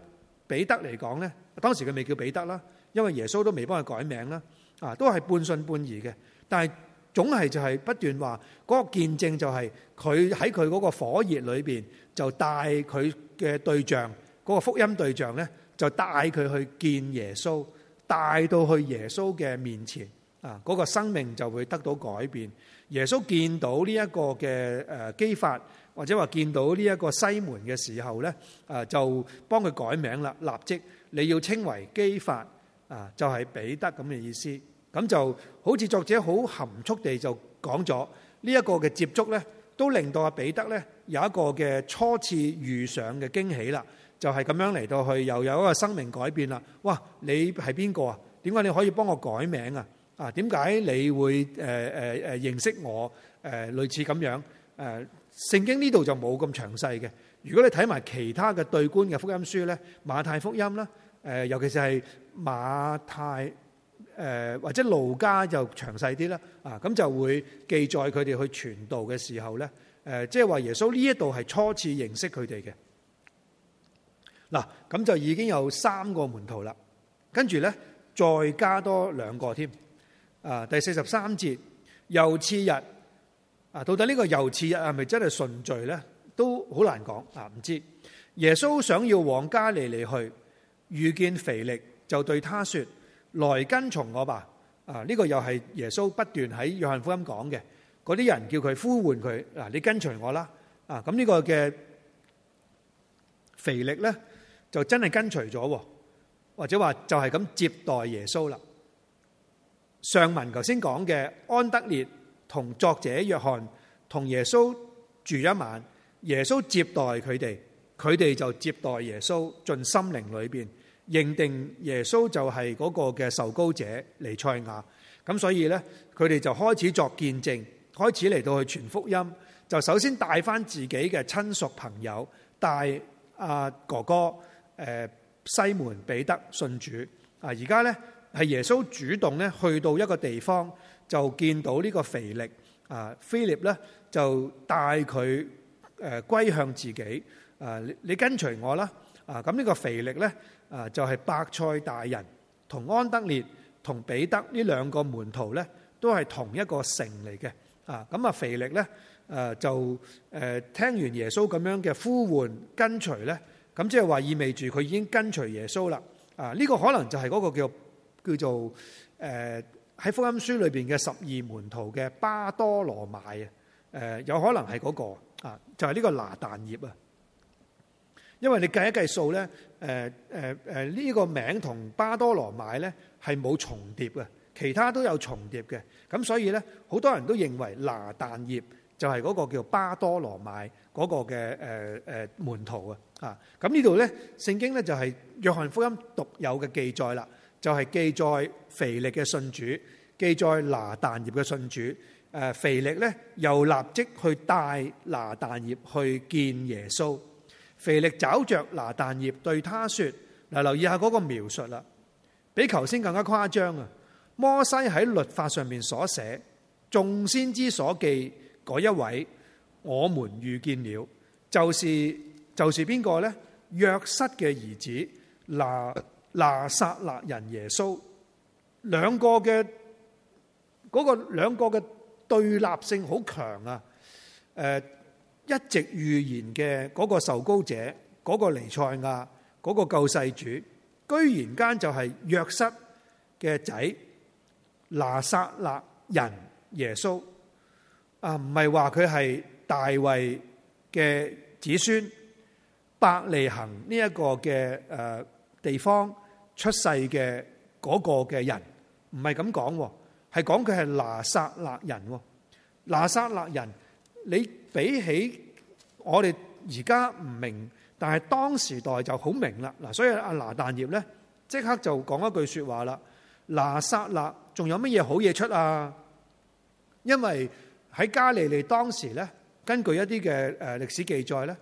彼得嚟講咧，當時佢未叫彼得啦，因為耶穌都未幫佢改名啦。啊，都係半信半疑嘅，但係總係就係不斷話嗰個見證就係佢喺佢嗰個火熱裏邊就帶佢嘅對象嗰個福音對象咧，就帶佢去見耶穌，帶到去耶穌嘅面前啊！嗰個生命就會得到改變。耶穌見到呢一個嘅誒基法，或者話見到呢一個西門嘅時候咧，誒就幫佢改名啦！立即你要稱為基法，啊就係、是、彼得咁嘅意思。咁就好似作者好含蓄地就講咗呢一個嘅接觸咧，都令到阿彼得咧有一個嘅初次遇上嘅驚喜啦。就係、是、咁樣嚟到去，又有一個生命改變啦。哇！你係邊個啊？點解你可以幫我改名啊？啊，點解你會誒誒誒認識我？誒類似咁樣誒，聖經呢度就冇咁詳細嘅。如果你睇埋其他嘅對觀嘅福音書咧，馬太福音啦，誒尤其是係馬太誒或者路加就詳細啲啦。啊，咁就會記載佢哋去傳道嘅時候咧，誒即係話耶穌呢一度係初次認識佢哋嘅。嗱，咁就已經有三個門徒啦，跟住咧再加多兩個添。啊，第四十三節，又次日，啊，到底呢個又次日係咪真係順序咧？都好難講，啊，唔知耶穌想要往加利利去，遇見腓力，就對他說：來跟從我吧。啊，呢、這個又係耶穌不斷喺約翰福音講嘅，嗰啲人叫佢呼喚佢，嗱，你跟隨我啦。啊，咁、這、呢個嘅腓力咧，就真係跟隨咗，或者話就係咁接待耶穌啦。上文頭先講嘅安德烈同作者約翰同耶穌住一晚，耶穌接待佢哋，佢哋就接待耶穌，進心靈裏面認定耶穌就係嗰個嘅受膏者彌賽亞。咁所以呢，佢哋就開始作見證，開始嚟到去傳福音，就首先帶翻自己嘅親屬朋友，帶阿哥哥誒西門彼得信主。啊，而家呢。係耶穌主動咧，去到一個地方就見到呢個腓力啊，腓力咧就帶佢誒歸向自己啊。你跟隨我啦啊！咁、這、呢個腓力咧啊，就係伯賽大人同安德烈同彼得呢兩個門徒咧，都係同一個城嚟嘅啊。咁啊，腓力咧誒就誒聽完耶穌咁樣嘅呼喚跟隨咧，咁即係話意味住佢已經跟隨耶穌啦啊。呢、這個可能就係嗰個叫。叫做誒喺、呃、福音書裏邊嘅十二門徒嘅巴多羅買啊，誒有可能係嗰、那個啊就係、是、呢個拿但業啊。因為你計一計數咧，誒誒誒呢個名同巴多羅買咧係冇重疊嘅，其他都有重疊嘅。咁所以咧，好多人都認為拿但業就係嗰個叫巴多羅買嗰個嘅誒誒門徒啊，啊咁呢度咧，聖經咧就係約翰福音獨有嘅記載啦。就係、是、記載肥力嘅信主，記載拿但業嘅信主。誒，肥力咧，又立即去帶拿但業去見耶穌。肥力找着拿但業，對他說：，嗱，留意下嗰個描述啦，比頭先更加誇張啊！摩西喺律法上面所寫，眾先知所記嗰一位，我們遇見了，就是就是邊個咧？約瑟嘅兒子拿。拿撒勒人耶穌，兩個嘅嗰、那個兩個嘅對立性好強啊！誒，一直預言嘅嗰個受膏者，嗰、那個彌賽亞，嗰、那個救世主，居然間就係約瑟嘅仔拿撒勒人耶穌啊，唔係話佢係大衛嘅子孫，伯利恆呢一個嘅誒地方。出世嘅嗰個嘅人唔係咁講，係講佢係拿撒勒人。拿撒勒人，你比起我哋而家唔明，但係當時代就好明啦。嗱，所以阿拿但業咧，即刻就講一句說話啦：拿撒勒仲有乜嘢好嘢出啊？因為喺加利利當時咧，根據一啲嘅誒歷史記載咧，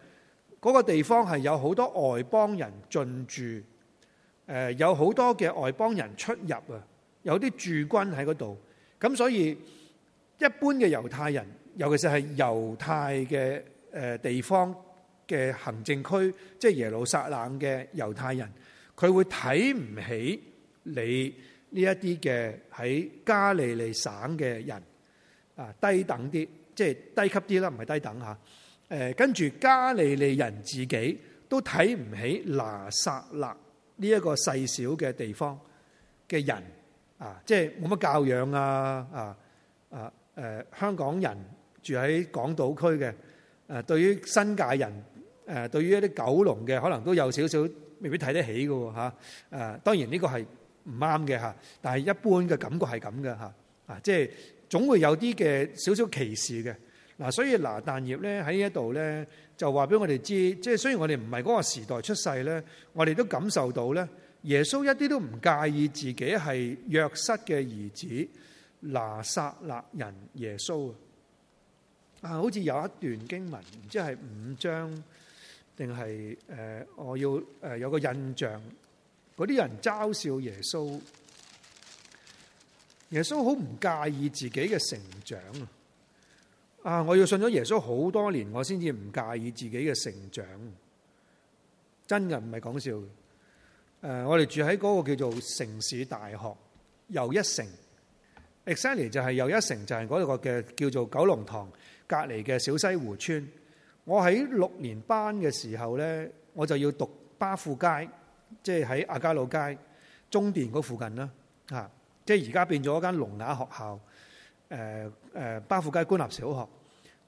嗰個地方係有好多外邦人進駐。誒有好多嘅外邦人出入啊，有啲駐軍喺嗰度咁，所以一般嘅猶太人，尤其是係猶太嘅誒地方嘅行政區，即係耶路撒冷嘅猶太人，佢會睇唔起你呢一啲嘅喺加利利省嘅人啊，低等啲，即係低級啲啦，唔係低等嚇誒。跟住加利利人自己都睇唔起拿撒勒，呢、這、一個細小嘅地方嘅人是沒啊，即係冇乜教養啊啊啊誒，香港人住喺港島區嘅誒，對於新界人誒、啊，對於一啲九龍嘅，可能都有少少未必睇得起嘅喎嚇誒。當然呢個係唔啱嘅嚇，但係一般嘅感覺係咁嘅嚇啊，即係總會有啲嘅少少歧視嘅嗱、啊。所以拿但業咧喺呢一度咧。就話俾我哋知，即係雖然我哋唔係嗰個時代出世咧，我哋都感受到咧，耶穌一啲都唔介意自己係約瑟嘅兒子拿撒勒人耶穌啊！啊，好似有一段經文，唔知係五章定係誒，我要誒、呃、有個印象，嗰啲人嘲笑耶穌，耶穌好唔介意自己嘅成長啊！啊！我要信咗耶穌好多年，我先至唔介意自己嘅成長。真嘅唔係講笑嘅、呃。我哋住喺嗰個叫做城市大學又一城，exactly 就係又一城，就係嗰個嘅叫做九龍塘隔離嘅小西湖村。我喺六年班嘅時候咧，我就要讀巴富街，即係喺亞皆老街中電嗰附近啦。啊，即係而家變咗間聾啞學校。誒、呃、誒、呃，巴富街官立小學，誒、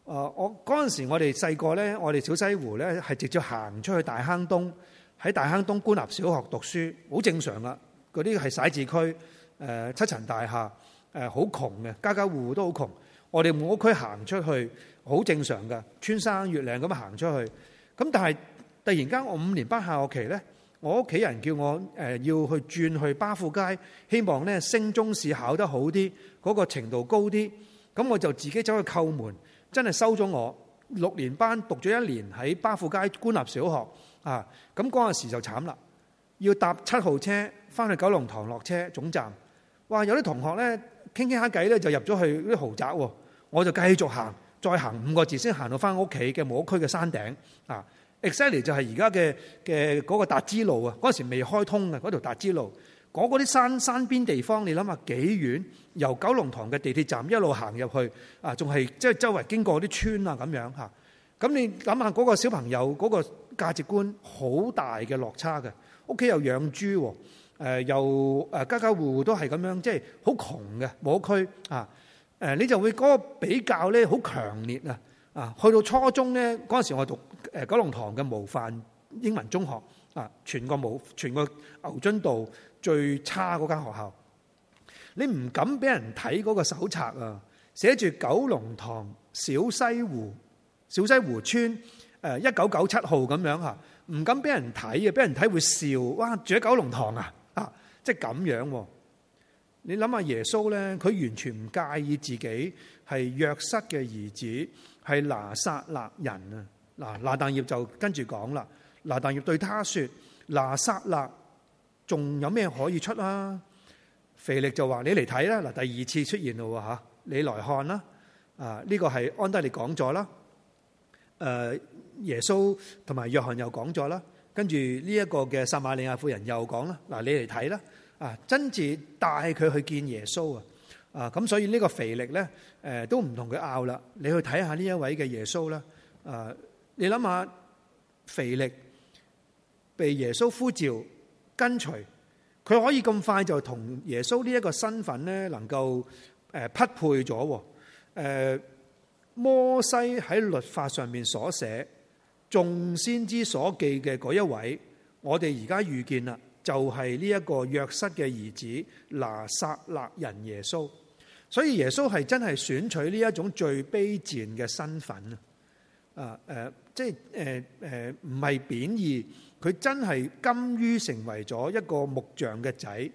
呃、我嗰陣時我哋細個咧，我哋小西湖咧係直接行出去大坑東，喺大坑東官立小學讀書，好正常啦。嗰啲係徙置區，誒、呃、七層大廈，誒、呃、好窮嘅，家家戶戶都好窮。我哋木屋區行出去，好正常噶，穿山越嶺咁行出去。咁但係突然間我五年班下學期咧。我屋企人叫我誒要去轉去巴富街，希望咧升中試考得好啲，嗰個程度高啲。咁我就自己走去叩門，真係收咗我六年班讀咗一年喺巴富街官立小學啊。咁嗰陣時就慘啦，要搭七號車翻去九龍塘落車總站。哇！有啲同學咧傾傾下偈咧就入咗去啲豪宅喎，我就繼續行，再行五個字先行到翻屋企嘅冇屋區嘅山頂啊。exactly 就係而家嘅嘅嗰個達之路啊！嗰陣時未開通嘅嗰條達之路，嗰個啲山山邊地方，你諗下幾遠？由九龍塘嘅地鐵站一路行入去啊，仲係即係周圍經過啲村啊咁樣嚇。咁你諗下嗰個小朋友嗰個價值觀，好大嘅落差嘅屋企又養豬，誒又誒家家戶戶都係咁樣，即係好窮嘅冇區啊。誒你就會嗰個比較咧好強烈啊！啊，去到初中咧嗰陣時我讀。誒九龍塘嘅模範英文中學啊，全個冇全個牛津道最差嗰間學校，你唔敢俾人睇嗰個手冊啊，寫住九龍塘小西湖小西湖村誒、啊、一九九七號咁樣嚇，唔敢俾人睇啊。俾人睇會笑，哇！住喺九龍塘啊，啊，即係咁樣、啊。你諗下耶穌咧，佢完全唔介意自己係約瑟嘅兒子，係拿撒勒人啊。嗱，拿但業就跟住講啦。拿但業對他説：拿撒勒，仲有咩可以出啊？腓力就話：你嚟睇啦！嗱，第二次出現咯嚇、這個，你來看啦。啊，呢個係安德烈講咗啦。誒，耶穌同埋約翰又講咗啦。跟住呢一個嘅撒瑪利亞夫人又講啦。嗱，你嚟睇啦。啊，真至帶佢去見耶穌啊。啊，咁所以呢個腓力咧，誒都唔同佢拗啦。你去睇下呢一位嘅耶穌啦。啊。你諗下，腓力被耶穌呼召跟隨，佢可以咁快就同耶穌呢一個身份咧，能夠誒匹配咗。誒，摩西喺律法上面所寫，眾先知所記嘅嗰一位，我哋而家遇見啦，就係呢一個約瑟嘅兒子拿撒勒人耶穌。所以耶穌係真係選取呢一種最卑賤嘅身份啊！啊、呃、誒，即係誒誒，唔係貶義，佢真係甘於成為咗一個木匠嘅仔，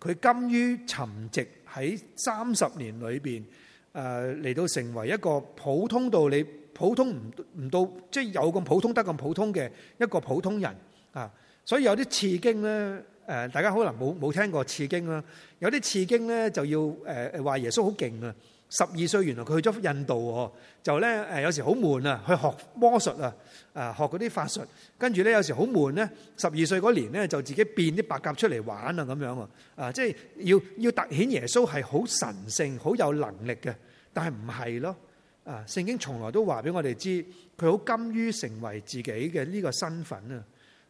佢甘於沉寂喺三十年裏邊，誒、呃、嚟到成為一個普通到你普通唔，唔到，即係有咁普通得咁普通嘅一個普通人啊！所以有啲次經咧，誒、呃、大家可能冇冇聽過次經啦，有啲次經咧就要誒誒話耶穌好勁啊！十二歲原來佢去咗印度喎，就咧誒有時好悶啊，去學魔術啊，誒學嗰啲法術，跟住咧有時好悶咧。十二歲嗰年咧就自己變啲白鴿出嚟玩啊咁樣啊，即係要要突顯耶穌係好神聖、好有能力嘅，但係唔係咯啊？聖經從來都話俾我哋知佢好甘於成為自己嘅呢個身份啊，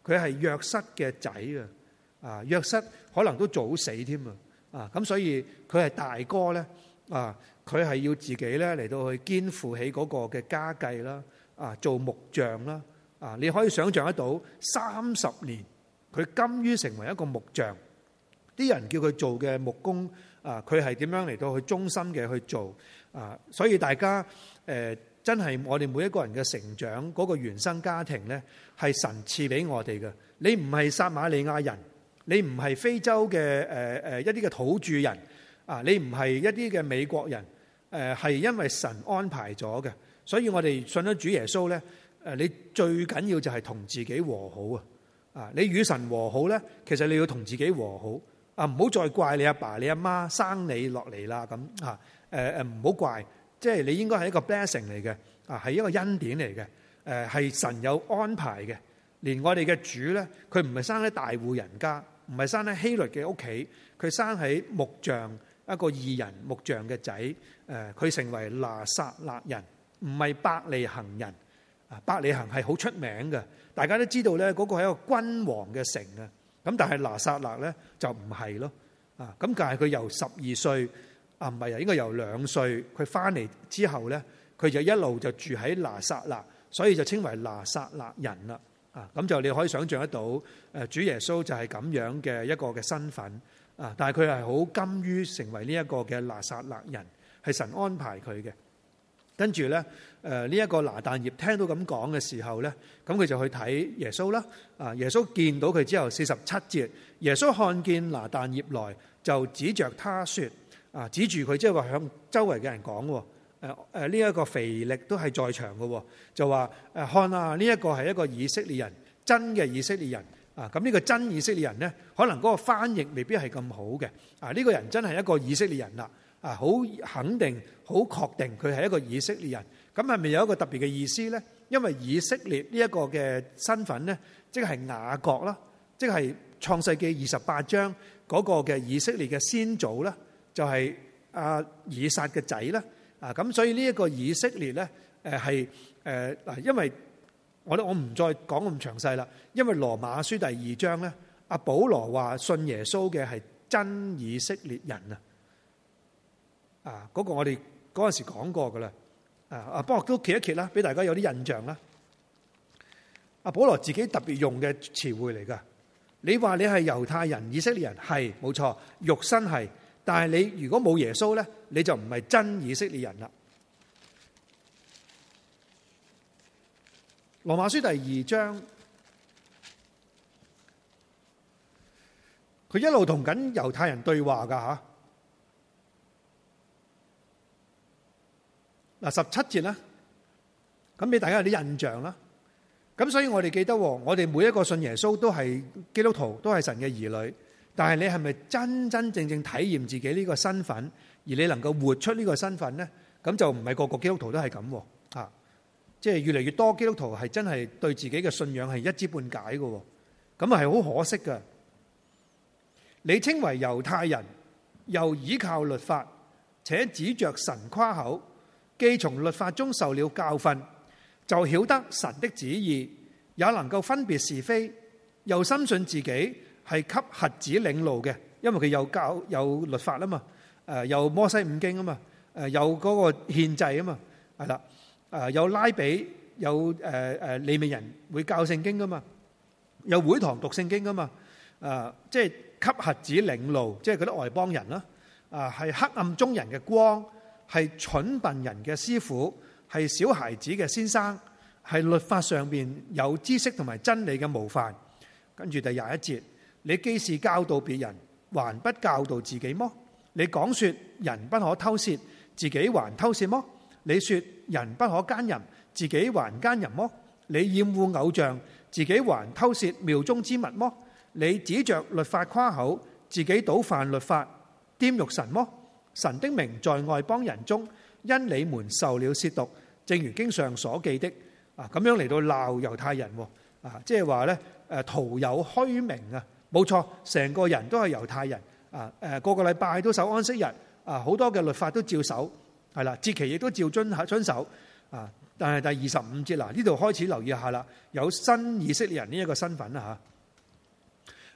佢係約瑟嘅仔啊，啊約瑟可能都早死添啊，啊咁所以佢係大哥咧啊。佢係要自己咧嚟到去肩負起嗰個嘅家計啦，啊，做木匠啦，啊，你可以想象得到三十年佢甘於成為一個木匠，啲人叫佢做嘅木工，啊，佢係點樣嚟到去忠心嘅去做啊？所以大家誒真係我哋每一個人嘅成長嗰個原生家庭咧，係神賜俾我哋嘅。你唔係撒瑪利亞人，你唔係非洲嘅誒誒一啲嘅土著人，啊，你唔係一啲嘅美國人。誒、呃、係因為神安排咗嘅，所以我哋信咗主耶穌咧。誒、呃，你最緊要就係同自己和好啊！啊，你與神和好咧，其實你要同自己和好啊！唔好再怪你阿爸，爸、你阿媽生你落嚟啦咁啊！誒、啊、誒，唔、啊、好怪，即、就、係、是、你應該係一個 blessing 嚟嘅啊，係一個恩典嚟嘅。誒、啊，係神有安排嘅。連我哋嘅主咧，佢唔係生喺大戶人家，唔係生喺希律嘅屋企，佢生喺木匠。一個異人木匠嘅仔，誒、佢成為拿撒勒人，唔係伯利恒人。啊，伯利恒係好出名嘅，大家都知道咧，嗰個係一個君王嘅城啊。咁但係拿撒勒咧就唔係咯，啊，咁但係佢由十二歲，啊唔係，應該由兩歲，佢翻嚟之後咧，佢就一路就住喺拿撒勒，所以就稱為拿撒勒人啦。啊，咁就你可以想象得到，誒、主耶穌就係咁樣嘅一個嘅身份。啊！但係佢係好甘於成為呢一個嘅拿撒勒人，係神安排佢嘅。跟住咧，誒呢一個拿但業聽到咁講嘅時候咧，咁佢就去睇耶穌啦。啊！耶穌見到佢之後，四十七節，耶穌看見拿但業來，就指著他説：啊，指住佢，即係話向周圍嘅人講喎。誒呢一個腓力都係在場嘅，就話誒看啊，呢一個係一個以色列人，真嘅以色列人。啊！咁呢個真以色列人呢，可能嗰個翻譯未必係咁好嘅。啊！呢個人真係一個以色列人啦。啊！好肯定、好確定，佢係一個以色列人。咁係咪有一個特別嘅意思呢？因為以色列呢一個嘅身份呢，即係雅各啦，即係創世記二十八章嗰、那個嘅以色列嘅先祖啦，就係、是、阿以撒嘅仔啦。啊！咁所以呢一個以色列呢，誒係誒嗱，因為。我咧，我唔再講咁詳細啦，因為羅馬書第二章咧，阿保羅話信耶穌嘅係真以色列人啊！啊，嗰個我哋嗰陣時講過噶啦，啊，不過都揭一揭啦，俾大家有啲印象啦。阿保羅自己特別用嘅詞彙嚟噶，你話你係猶太人、以色列人係冇錯，肉身係，但係你如果冇耶穌咧，你就唔係真以色列人啦。羅馬書第二章，佢一路同緊猶太人對話噶吓。嗱，十七節啦，咁俾大家有啲印象啦。咁所以我哋記得，我哋每一個信耶穌都係基督徒，都係神嘅兒女。但係你係咪真真正正體驗自己呢個身份，而你能夠活出呢個身份咧？咁就唔係個個基督徒都係咁。即係越嚟越多基督徒係真係對自己嘅信仰係一知半解嘅。哦，咁係好可惜噶。你稱為猶太人，又倚靠律法，且指着神誇口，既從律法中受了教訓，就曉得神的旨意，也能夠分別是非，又深信自己係給瞎子領路嘅，因為佢有教有律法啊嘛，誒有摩西五經啊嘛，誒有嗰個憲制啊嘛，係啦。啊！有拉比，有誒誒利未人會教聖經噶嘛？有會堂讀聖經噶嘛？啊、呃！即係給瞎子領路，即係嗰啲外邦人啦。啊、呃，係黑暗中人嘅光，係蠢笨人嘅師傅，係小孩子嘅先生，係律法上邊有知識同埋真理嘅模範。跟住第廿一節，你既是教導別人，還不教導自己麼？你講説人不可偷竊，自己還偷竊麼？你說人不可奸淫，自己還奸淫麼？你厭惡偶像，自己還偷竊廟中之物麼？你指着律法誇口，自己倒犯律法，玷辱神麼？神的名在外邦人中，因你們受了褻瀆，正如經上所記的啊，咁樣嚟到鬧猶太人喎啊，即係話呢誒，徒有虛名啊，冇錯，成個人都係猶太人啊，誒，個個禮拜都守安息日啊，好多嘅律法都照守。係啦，節期亦都照遵遵守啊！但係第二十五節嗱，呢、啊、度開始留意一下啦。有新以色列人呢一個身份啦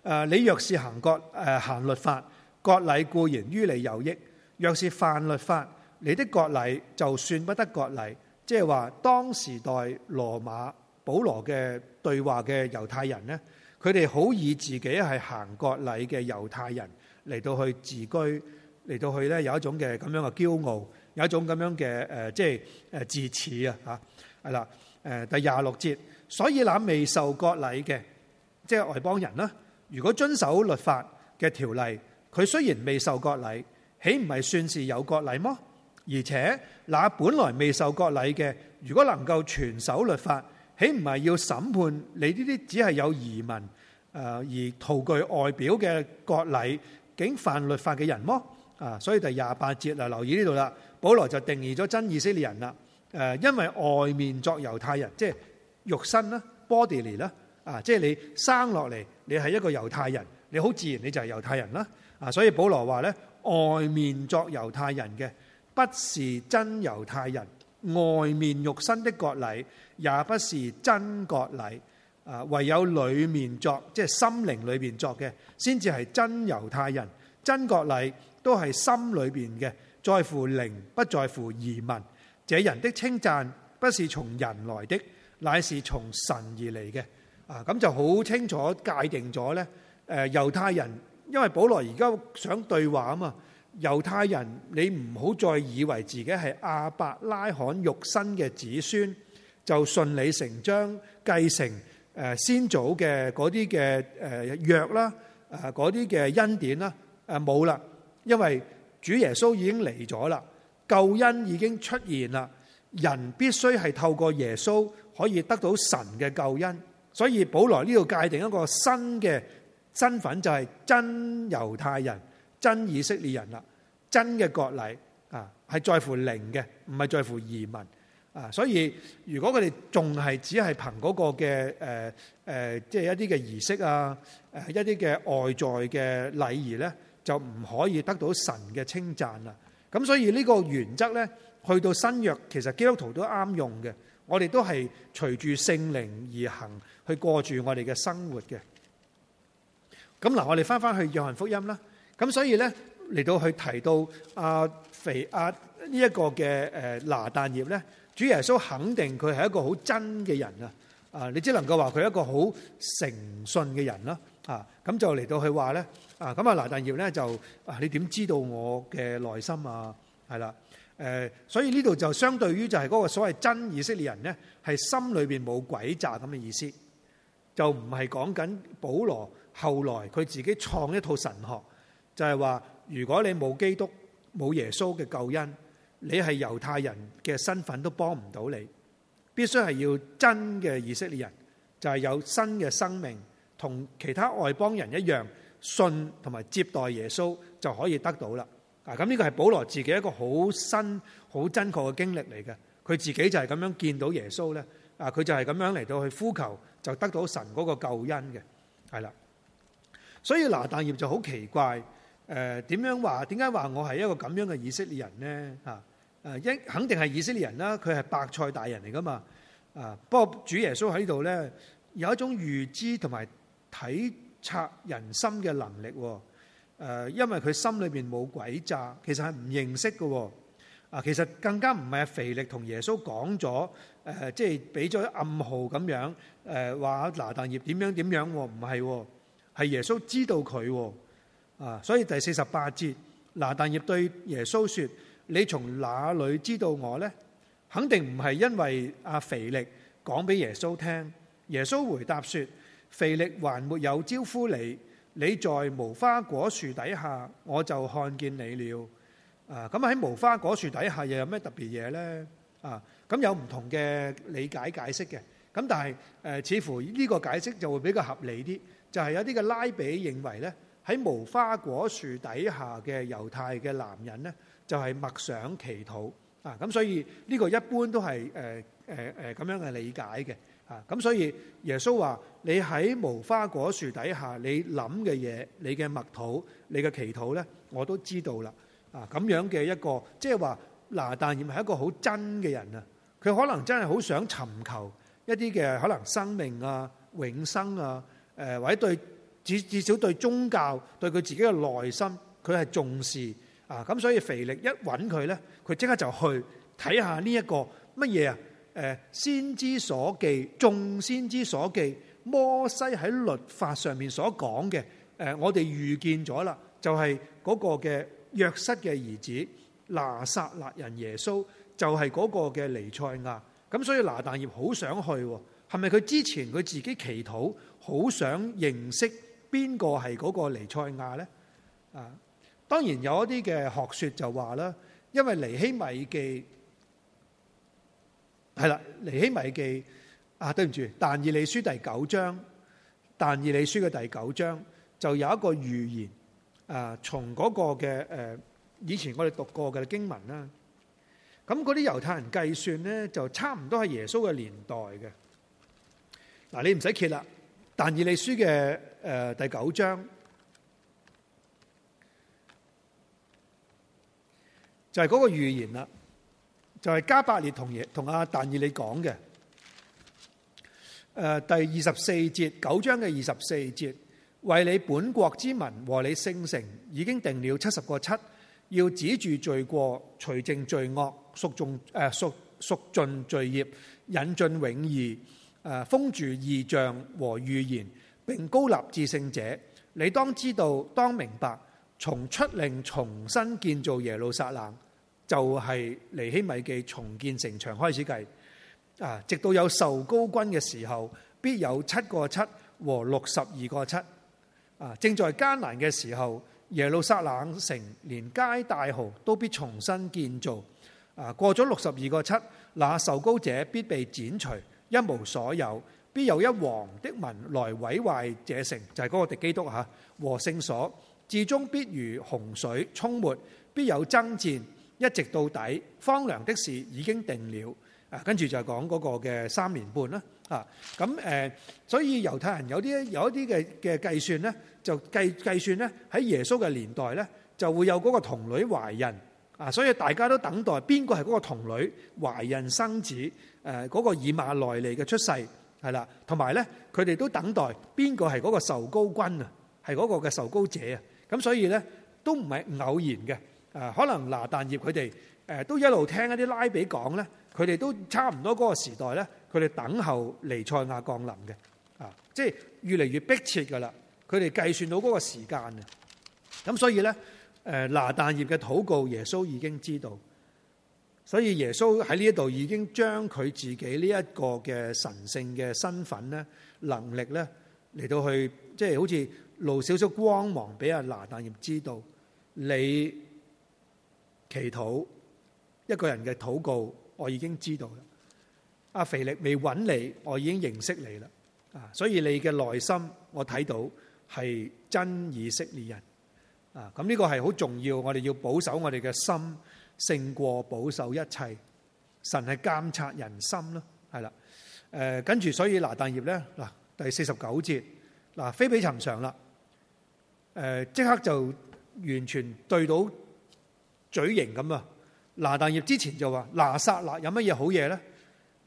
嚇、啊。你若是行割誒、啊、行律法，割禮固然於你有益；若是犯律法，你的割禮就算不得割禮。即係話，當時代羅馬保羅嘅對話嘅猶太人呢，佢哋好以自己係行割禮嘅猶太人嚟到去自居，嚟到去咧有一種嘅咁樣嘅驕傲。有一種咁樣嘅誒、呃，即係誒自恃啊，吓係啦，誒，第廿六節，所以那未受割禮嘅，即係外邦人啦。如果遵守律法嘅條例，佢雖然未受割禮，豈唔係算是有割禮麼？而且那本來未受割禮嘅，如果能夠全守律法，豈唔係要審判你呢啲只係有儀文誒而徒具外表嘅割禮，竟犯律法嘅人麼？啊，所以第廿八節啊，留意呢度啦。保羅就定義咗真以色列人啦，誒，因為外面作猶太人，即係肉身啦、body 嚟啦，啊，即係你生落嚟，你係一個猶太人，你好自然你就係猶太人啦，啊，所以保羅話咧，外面作猶太人嘅，不是真猶太人；外面肉身的割禮，也不是真割禮，啊，唯有裏面作，即係心靈裏邊作嘅，先至係真猶太人，真割禮都係心裏邊嘅。在乎靈，不在乎儀文。這人的稱讚不是從人來的，乃是從神而嚟嘅。啊，咁就好清楚界定咗咧。誒、呃，猶太人，因為保羅而家想對話啊嘛。猶太人，你唔好再以為自己係亞伯拉罕肉身嘅子孫，就順理成章繼承誒先祖嘅嗰啲嘅誒約啦，誒嗰啲嘅恩典啦，誒冇啦，因為。主耶穌已經嚟咗啦，救恩已經出現啦，人必須係透過耶穌可以得到神嘅救恩。所以保羅呢度界定一個新嘅身份，就係真猶太人、真以色列人啦，真嘅割禮啊，係在乎靈嘅，唔係在乎儀文啊。所以如果佢哋仲係只係憑嗰個嘅呃呃，即係一啲嘅儀式啊、呃，一啲嘅外在嘅禮儀咧，就唔可以得到神嘅稱讚啦。咁所以呢個原則咧，去到新約，其實基督徒都啱用嘅。我哋都係隨住聖靈而行，去過住我哋嘅生活嘅。咁嗱，我哋翻翻去約翰福音啦。咁所以咧，嚟到去提到阿肥阿呢一個嘅誒拿但業咧，主耶穌肯定佢係一個好真嘅人啊！啊，你只能夠話佢係一個好誠信嘅人啦。啊，咁就嚟到去話咧。啊咁啊！拿、啊、但業咧就啊，你點知道我嘅內心啊？係啦、啊，所以呢度就相對於就係嗰個所謂真以色列人咧，係心裏面冇鬼詐咁嘅意思，就唔係講緊保羅後來佢自己創一套神學，就係、是、話如果你冇基督冇耶穌嘅救恩，你係猶太人嘅身份都幫唔到你，必須係要真嘅以色列人就係、是、有新嘅生命，同其他外邦人一樣。信同埋接待耶穌就可以得到啦。啊，咁呢個係保羅自己一個好新、好真確嘅經歷嚟嘅。佢自己就係咁樣見到耶穌咧。啊，佢就係咁樣嚟到去呼求，就得到神嗰個救恩嘅。係啦，所以拿但業就好奇怪。誒、呃，點樣話？點解話我係一個咁樣嘅以色列人咧？吓、啊，誒，一肯定係以色列人啦。佢係伯賽大人嚟噶嘛。啊，不過主耶穌喺度咧，有一種預知同埋睇。察人心嘅能力，誒，因為佢心裏邊冇詭詐，其實係唔認識嘅，啊，其實更加唔係阿腓力同耶穌講咗，誒、呃，即係俾咗暗號咁樣，誒、呃，話拿但業點樣點樣，唔係，係耶穌知道佢，啊，所以第四十八節，拿但業對耶穌說：你從哪裏知道我咧？肯定唔係因為阿、啊、腓力講俾耶穌聽，耶穌回答說。腓力還沒有招呼你，你在無花果樹底下，我就看見你了。啊，咁喺無花果樹底下又有咩特別嘢呢？啊，咁有唔同嘅理解解釋嘅，咁但係誒，似乎呢個解釋就會比較合理啲，就係有啲嘅拉比認為咧，喺無花果樹底下嘅猶太嘅男人咧，就係默想祈禱。啊，咁所以呢個一般都係誒誒誒咁樣嘅理解嘅。啊！咁所以耶穌話：你喺無花果樹底下，你諗嘅嘢，你嘅麥土，你嘅祈禱咧，我都知道啦。啊！咁樣嘅一個，即係話拿但鹽係一個好真嘅人啊！佢可能真係好想尋求一啲嘅可能生命啊、永生啊，誒、啊、或者對，至至少對宗教對佢自己嘅內心，佢係重視啊！咁所以腓力一揾佢咧，佢即刻就去睇下呢一個乜嘢啊！先知所記，眾先知所記，摩西喺律法上面所講嘅，誒我哋預見咗啦，就係嗰個嘅約瑟嘅兒子拿撒勒人耶穌，就係嗰個嘅彌賽亞。咁所以拿但業好想去，係咪佢之前佢自己祈禱，好想認識邊個係嗰個彌賽亞呢？啊，當然有一啲嘅學説就話啦，因為尼希米記。係啦，尼希米記啊，對唔住，但以理書第九章，但以理書嘅第九章就有一個預言啊，從嗰個嘅誒、呃，以前我哋讀過嘅經文啦，咁嗰啲猶太人計算咧，就差唔多係耶穌嘅年代嘅。嗱、啊，你唔使揭啦，但以理書嘅誒、呃、第九章就係、是、嗰個預言啦。就係、是、加百列同嘢同阿但以理講嘅，誒、呃、第二十四節九章嘅二十四節，為你本國之民和你聖城已經定了七十個七，要止住罪過，除淨罪惡，贖盡誒贖贖盡罪孽，引進永義，誒、呃、封住異象和預言，並高立至聖者。你當知道，當明白，從出令重新建造耶路撒冷。就係、是、尼希米記重建城牆開始計啊，直到有受膏君嘅時候，必有七個七和六十二個七啊。正在艱難嘅時候，耶路撒冷城連街帶濠都必重新建造啊。過咗六十二個七，那受膏者必被剪除，一無所有，必有一王的民來毀壞這城，就係、是、嗰個敵基督嚇和聖所，至終必如洪水沖沒，必有爭戰。一直到底，荒涼的事。誒可能拿但葉佢哋誒都一路聽一啲拉比講咧，佢哋都差唔多嗰個時代咧，佢哋等候尼賽亞降臨嘅，啊，即係越嚟越迫切噶啦，佢哋計算到嗰個時間啊，咁所以咧誒拿但葉嘅禱告，耶穌已經知道，所以耶穌喺呢一度已經將佢自己呢一個嘅神性嘅身份咧、能力咧嚟到去，即係好似露少少光芒俾阿拿但葉知道你。祈禱一個人嘅禱告，我已經知道啦。阿腓力未揾你，我已經認識你啦。啊，所以你嘅內心我睇到係真以色列人。啊，咁呢個係好重要，我哋要保守我哋嘅心勝過保守一切。神係監察人心咯，係啦。誒，跟住所以拿但業咧，嗱第四十九節，嗱非比尋常啦。誒，即刻就完全對到。嘴型咁啊！拿但業之前就話「拿撒勒有乜嘢好嘢呢？」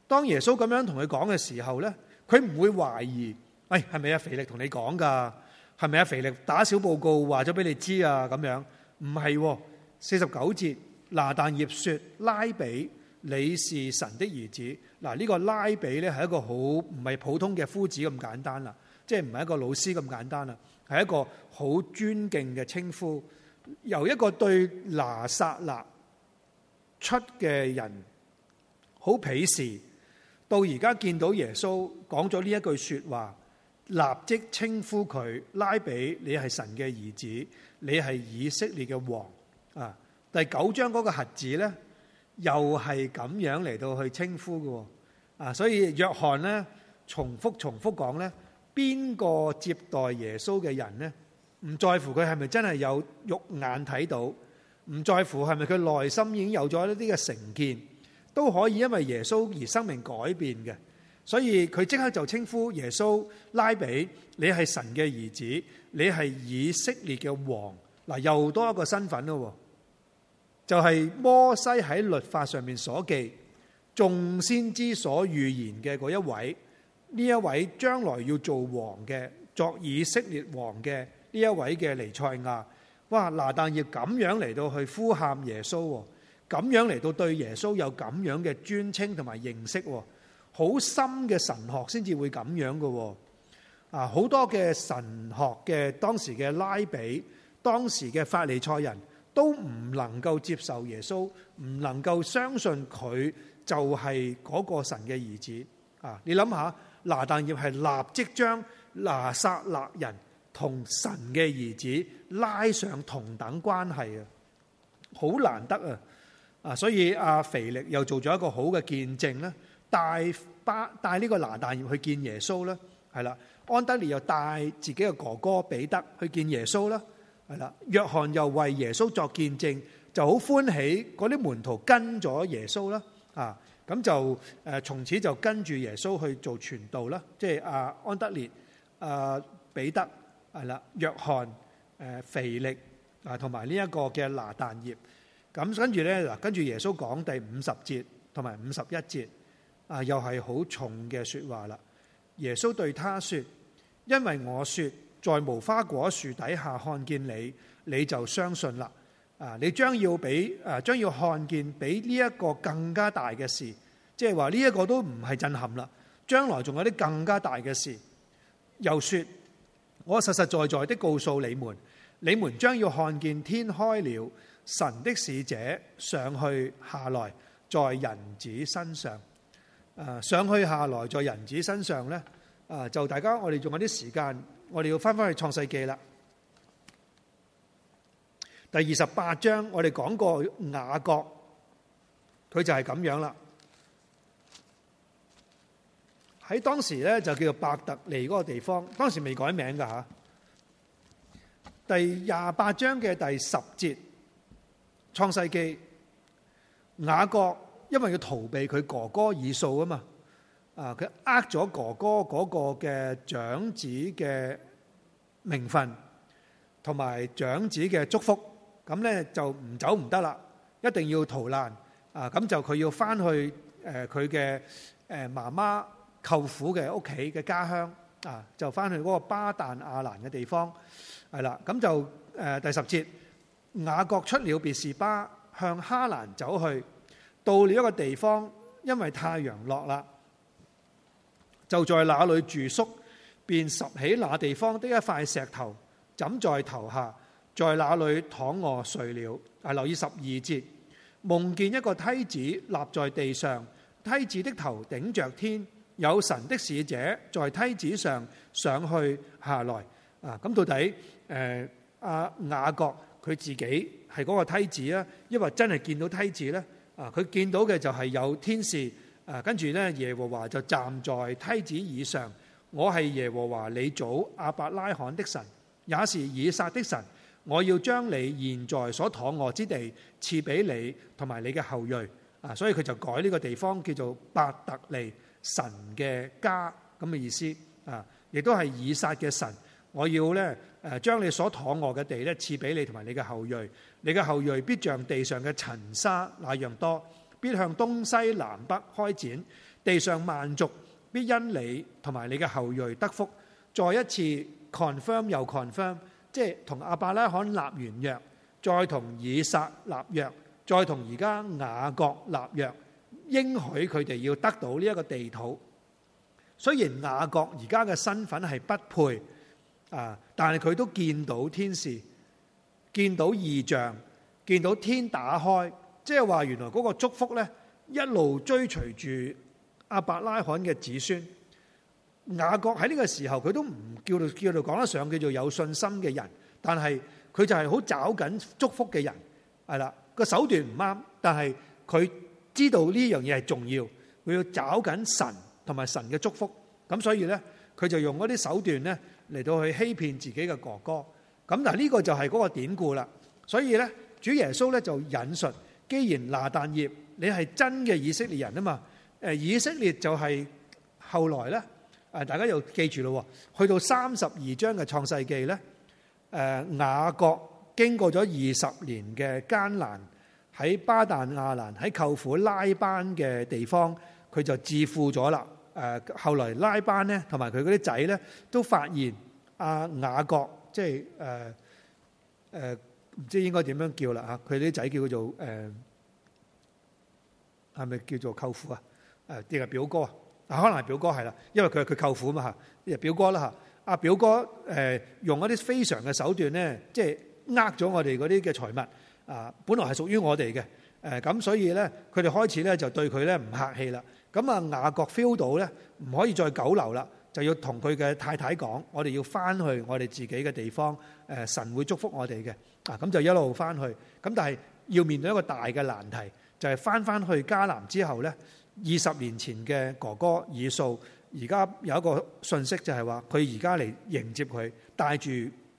當耶穌咁樣同佢講嘅時候呢，佢唔會懷疑，喂係咪阿腓力同你講噶，係咪阿腓力打小報告話咗俾你知啊？咁樣唔係，四十九節拿但業說拉比你是神的兒子。嗱，呢個拉比呢係一個好唔係普通嘅夫子咁簡單啦，即係唔係一個老師咁簡單啦，係一個好尊敬嘅稱呼。由一個對拿撒勒出嘅人好鄙視，到而家見到耶穌講咗呢一句說話，立即稱呼佢拉比，你係神嘅兒子，你係以色列嘅王啊！第九章嗰個瞎子呢，又係咁樣嚟到去稱呼嘅，啊！所以約翰呢，重複重複講呢，邊個接待耶穌嘅人呢？唔在乎佢係咪真係有肉眼睇到，唔在乎係咪佢內心已經有咗一啲嘅成見，都可以因為耶穌而生命改變嘅。所以佢即刻就稱呼耶穌拉比，你係神嘅兒子，你係以色列嘅王。嗱，又多一個身份咯。就係摩西喺律法上面所記眾先知所預言嘅嗰一位，呢一位將來要做王嘅，作以色列王嘅。呢一位嘅彌賽亞，哇！拿但業咁樣嚟到去呼喊耶穌，咁樣嚟到對耶穌有咁樣嘅尊稱同埋認識，好深嘅神學先至會咁樣嘅。啊，好多嘅神學嘅當時嘅拉比，當時嘅法利賽人都唔能夠接受耶穌，唔能夠相信佢就係嗰個神嘅兒子。啊，你諗下，拿但業係立即將拿撒勒人。同神嘅兒子拉上同等關係啊，好難得啊！啊，所以阿腓力又做咗一個好嘅見證啦，帶巴帶呢個拿但業去見耶穌啦，係啦。安德烈又帶自己嘅哥哥彼得去見耶穌啦，係啦。約翰又為耶穌作見證，就好歡喜，嗰啲門徒跟咗耶穌啦，啊，咁就誒從此就跟住耶穌去做傳道啦，即係阿安德烈、誒彼得。係啦，約翰、誒腓力啊，同埋呢一個嘅拿但業，咁跟住咧嗱，跟住耶穌講第五十節同埋五十一節啊，又係好重嘅說話啦。耶穌對他說：因為我說在無花果樹底下看見你，你就相信啦。啊，你將要俾啊，將要看見比呢一個更加大嘅事，即係話呢一個都唔係震撼啦。將來仲有啲更加大嘅事，又說。我實實在在的告訴你們，你們將要看見天開了，神的使者上去下來，在人子身上。啊，上去下來在人子身上咧，啊，就大家我哋用一啲時間，我哋要翻翻去創世記啦。第二十八章我哋講過雅各，佢就係咁樣啦。喺當時咧就叫做伯特尼嗰個地方，當時未改名嘅吓。第廿八章嘅第十節《創世記》，雅各因為要逃避佢哥哥以掃啊嘛，啊佢呃咗哥哥嗰個嘅長子嘅名分，同埋長子嘅祝福，咁咧就唔走唔得啦，一定要逃難啊！咁就佢要翻去誒佢嘅誒媽媽。舅父嘅屋企嘅家鄉啊，就翻去嗰個巴旦亞蘭嘅地方係啦。咁就誒、呃、第十節，雅各出了別是巴，向哈蘭走去，到了一個地方，因為太陽落啦，就在那裡住宿，便拾起那地方的一塊石頭枕在頭下，在那裡躺臥睡了。啊，留意十二節，夢見一個梯子立在地上，梯子的頭頂着天。有神的使者在梯子上上去下來，啊！咁到底誒阿、呃、雅各佢自己係嗰個梯子啊？抑或真係見到梯子咧啊！佢見到嘅就係有天使啊！跟住咧耶和華就站在梯子以上，我係耶和華你祖亞伯拉罕的神，也是以撒的神。我要將你現在所躺卧之地賜俾你同埋你嘅後裔啊！所以佢就改呢個地方叫做伯特利。神嘅家咁嘅意思啊，亦都係以撒嘅神，我要咧誒、啊、將你所躺臥嘅地咧，賜俾你同埋你嘅後裔，你嘅後裔必像地上嘅塵沙那樣多，必向東西南北開展，地上萬族必因你同埋你嘅後裔得福。再一次 confirm 又 confirm，即係同阿伯拉罕立完約，再同以撒立約，再同而家雅各立約。應許佢哋要得到呢一個地土，雖然雅各而家嘅身份係不配啊，但係佢都見到天使，見到異象，見到天打開，即係話原來嗰個祝福咧一路追隨住阿伯拉罕嘅子孫。雅各喺呢個時候佢都唔叫做叫做講得上叫做有信心嘅人，但係佢就係好找緊祝福嘅人，係啦個手段唔啱，但係佢。知道呢樣嘢係重要，佢要找緊神同埋神嘅祝福，咁所以咧，佢就用嗰啲手段咧嚟到去欺騙自己嘅哥哥。咁嗱，呢個就係嗰個典故啦。所以咧，主耶穌咧就引述，既然拿但業，你係真嘅以色列人啊嘛？誒，以色列就係後來咧，啊，大家又記住咯，去到三十二章嘅創世記咧，誒，雅各經過咗二十年嘅艱難。喺巴旦亞蘭喺舅父拉班嘅地方，佢就致富咗啦。誒，後來拉班咧同埋佢嗰啲仔咧都發現阿雅各，即係誒誒，唔知應該點樣叫啦嚇。佢啲仔叫做誒，係咪叫做舅父啊？誒，定係表哥啊？可能係表哥係啦，因為佢係佢舅父嘛嚇。表哥啦嚇，阿表哥誒用一啲非常嘅手段咧，即係呃咗我哋嗰啲嘅財物。啊，本來係屬於我哋嘅，誒咁所以呢，佢哋開始呢就對佢呢唔客氣啦。咁啊，雅各 feel 到呢唔可以再久留啦，就要同佢嘅太太講，我哋要翻去我哋自己嘅地方，神會祝福我哋嘅，啊咁就一路翻去。咁但係要面對一個大嘅難題，就係翻翻去迦南之後呢，二十年前嘅哥哥以掃而家有一個訊息就係話，佢而家嚟迎接佢，帶住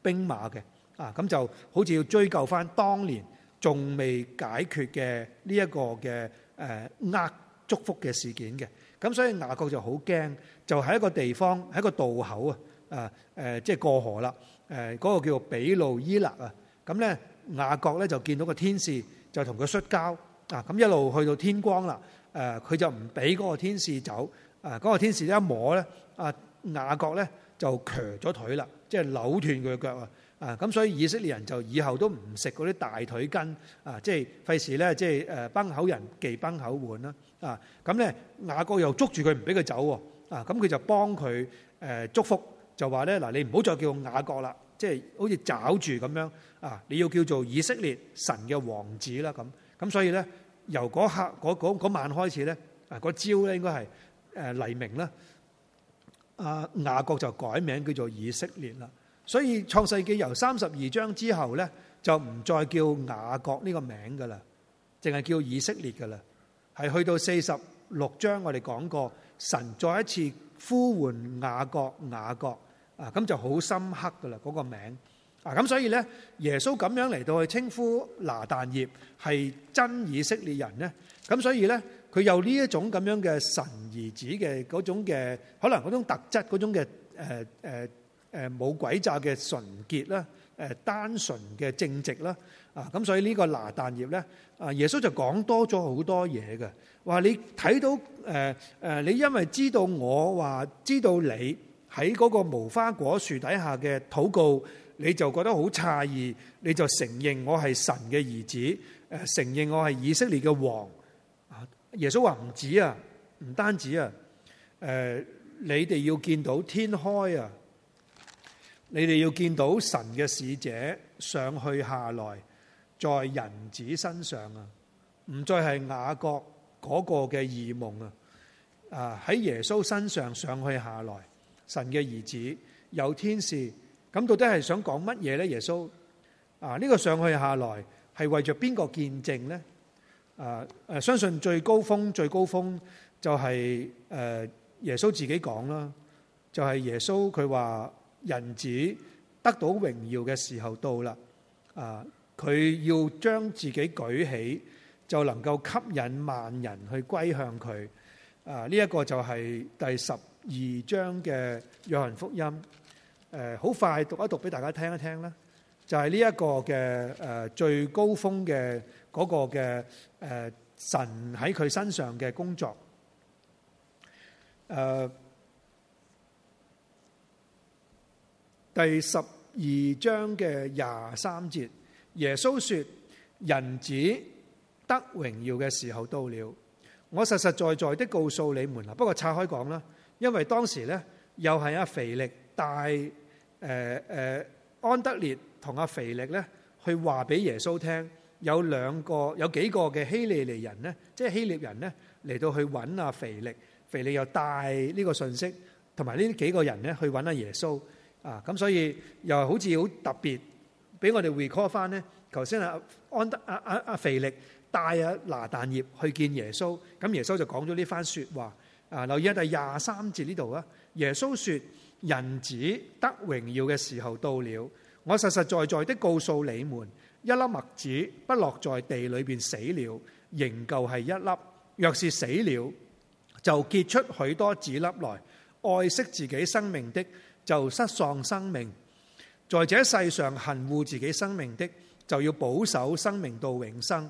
兵馬嘅，啊咁就好似要追究翻當年。仲未解決嘅呢一個嘅誒厄祝福嘅事件嘅，咁所以雅各就好驚，就喺一個地方喺一個渡口啊，啊誒即係過河啦，誒嗰個叫做比路伊勒啊，咁咧雅各咧就見到個天使就同佢摔跤啊，咁一路去到天光啦，誒佢就唔俾嗰個天使走，啊嗰個天使一摸咧，啊雅各咧就強咗腿啦，即係扭斷佢嘅腳啊！啊！咁所以以色列人就以後都唔食嗰啲大腿筋啊，即係費事咧，即係誒崩口人忌崩口碗啦！啊，咁咧雅各又捉住佢唔俾佢走喎！啊，咁佢就幫佢誒祝福，就話咧嗱，你唔好再叫雅各啦，即係好似抓住咁樣啊！你要叫做以色列神嘅王子啦咁。咁所以咧，由嗰刻嗰嗰嗰晚開始咧，啊嗰朝咧應該係誒黎明啦，阿雅各就改名叫做以色列啦。所以創世記由誒冇鬼詐嘅純潔啦，誒單純嘅正直啦，啊咁所以呢個拿但葉咧，啊耶穌就講多咗好多嘢嘅，話你睇到誒誒，你因為知道我話知道你喺嗰個無花果樹底下嘅禱告，你就覺得好詫異，你就承認我係神嘅兒子，誒承認我係以色列嘅王，啊耶穌話唔止啊，唔單止啊，誒你哋要見到天開啊！你哋要見到神嘅使者上去下來，在人子身上啊，唔再係雅各嗰個嘅異夢啊，啊喺耶穌身上上去下來，神嘅兒子有天使。咁到底係想講乜嘢呢？耶穌啊，呢、這個上去下來係為着邊個見證呢？啊誒、啊，相信最高峰最高峰就係、是、誒、啊、耶穌自己講啦，就係、是、耶穌佢話。人子得到榮耀嘅時候到啦，啊，佢要將自己舉起，就能夠吸引萬人去歸向佢，啊，呢一個就係第十二章嘅約翰福音，誒，好快讀一讀俾大家聽一聽啦，就係呢一個嘅誒最高峰嘅嗰個嘅誒神喺佢身上嘅工作，誒。第十二章嘅廿三節，耶穌說：人子得榮耀嘅時候到了。我實實在在的告訴你們啦，不過拆開講啦，因為當時咧又係阿、啊、腓力帶誒誒安德烈同阿、啊、腓力咧去話俾耶穌聽，有兩個有幾個嘅希利尼人呢，即係希臘人呢，嚟到去揾阿、啊、腓力，腓力又帶呢個信息同埋呢幾個人咧去揾阿、啊、耶穌。啊！咁所以又好似好特別，俾我哋 recall 翻呢。頭先阿安德阿阿阿腓力帶阿、啊、拿但業去見耶穌，咁、啊、耶穌就講咗呢番説話。啊，留意下第廿三節呢度啊！耶穌說：人子得榮耀嘅時候到了，我實實在在的告訴你們，一粒麥子不落在地裏邊死了，仍舊係一粒；若是死了，就結出許多子粒來。愛惜自己生命的，就失喪生命，在這世上恨惡自己生命的，就要保守生命到永生。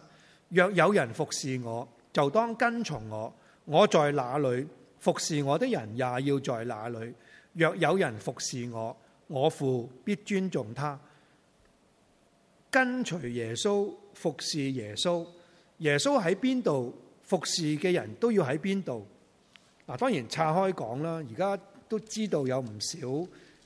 若有人服侍我，就當跟從我。我在哪裏服侍我的人，也要在哪裏。若有人服侍我，我父必尊重他。跟隨耶穌服侍耶穌，耶穌喺邊度服侍嘅人都要喺邊度。嗱，當然岔開講啦，而家。都知道有唔少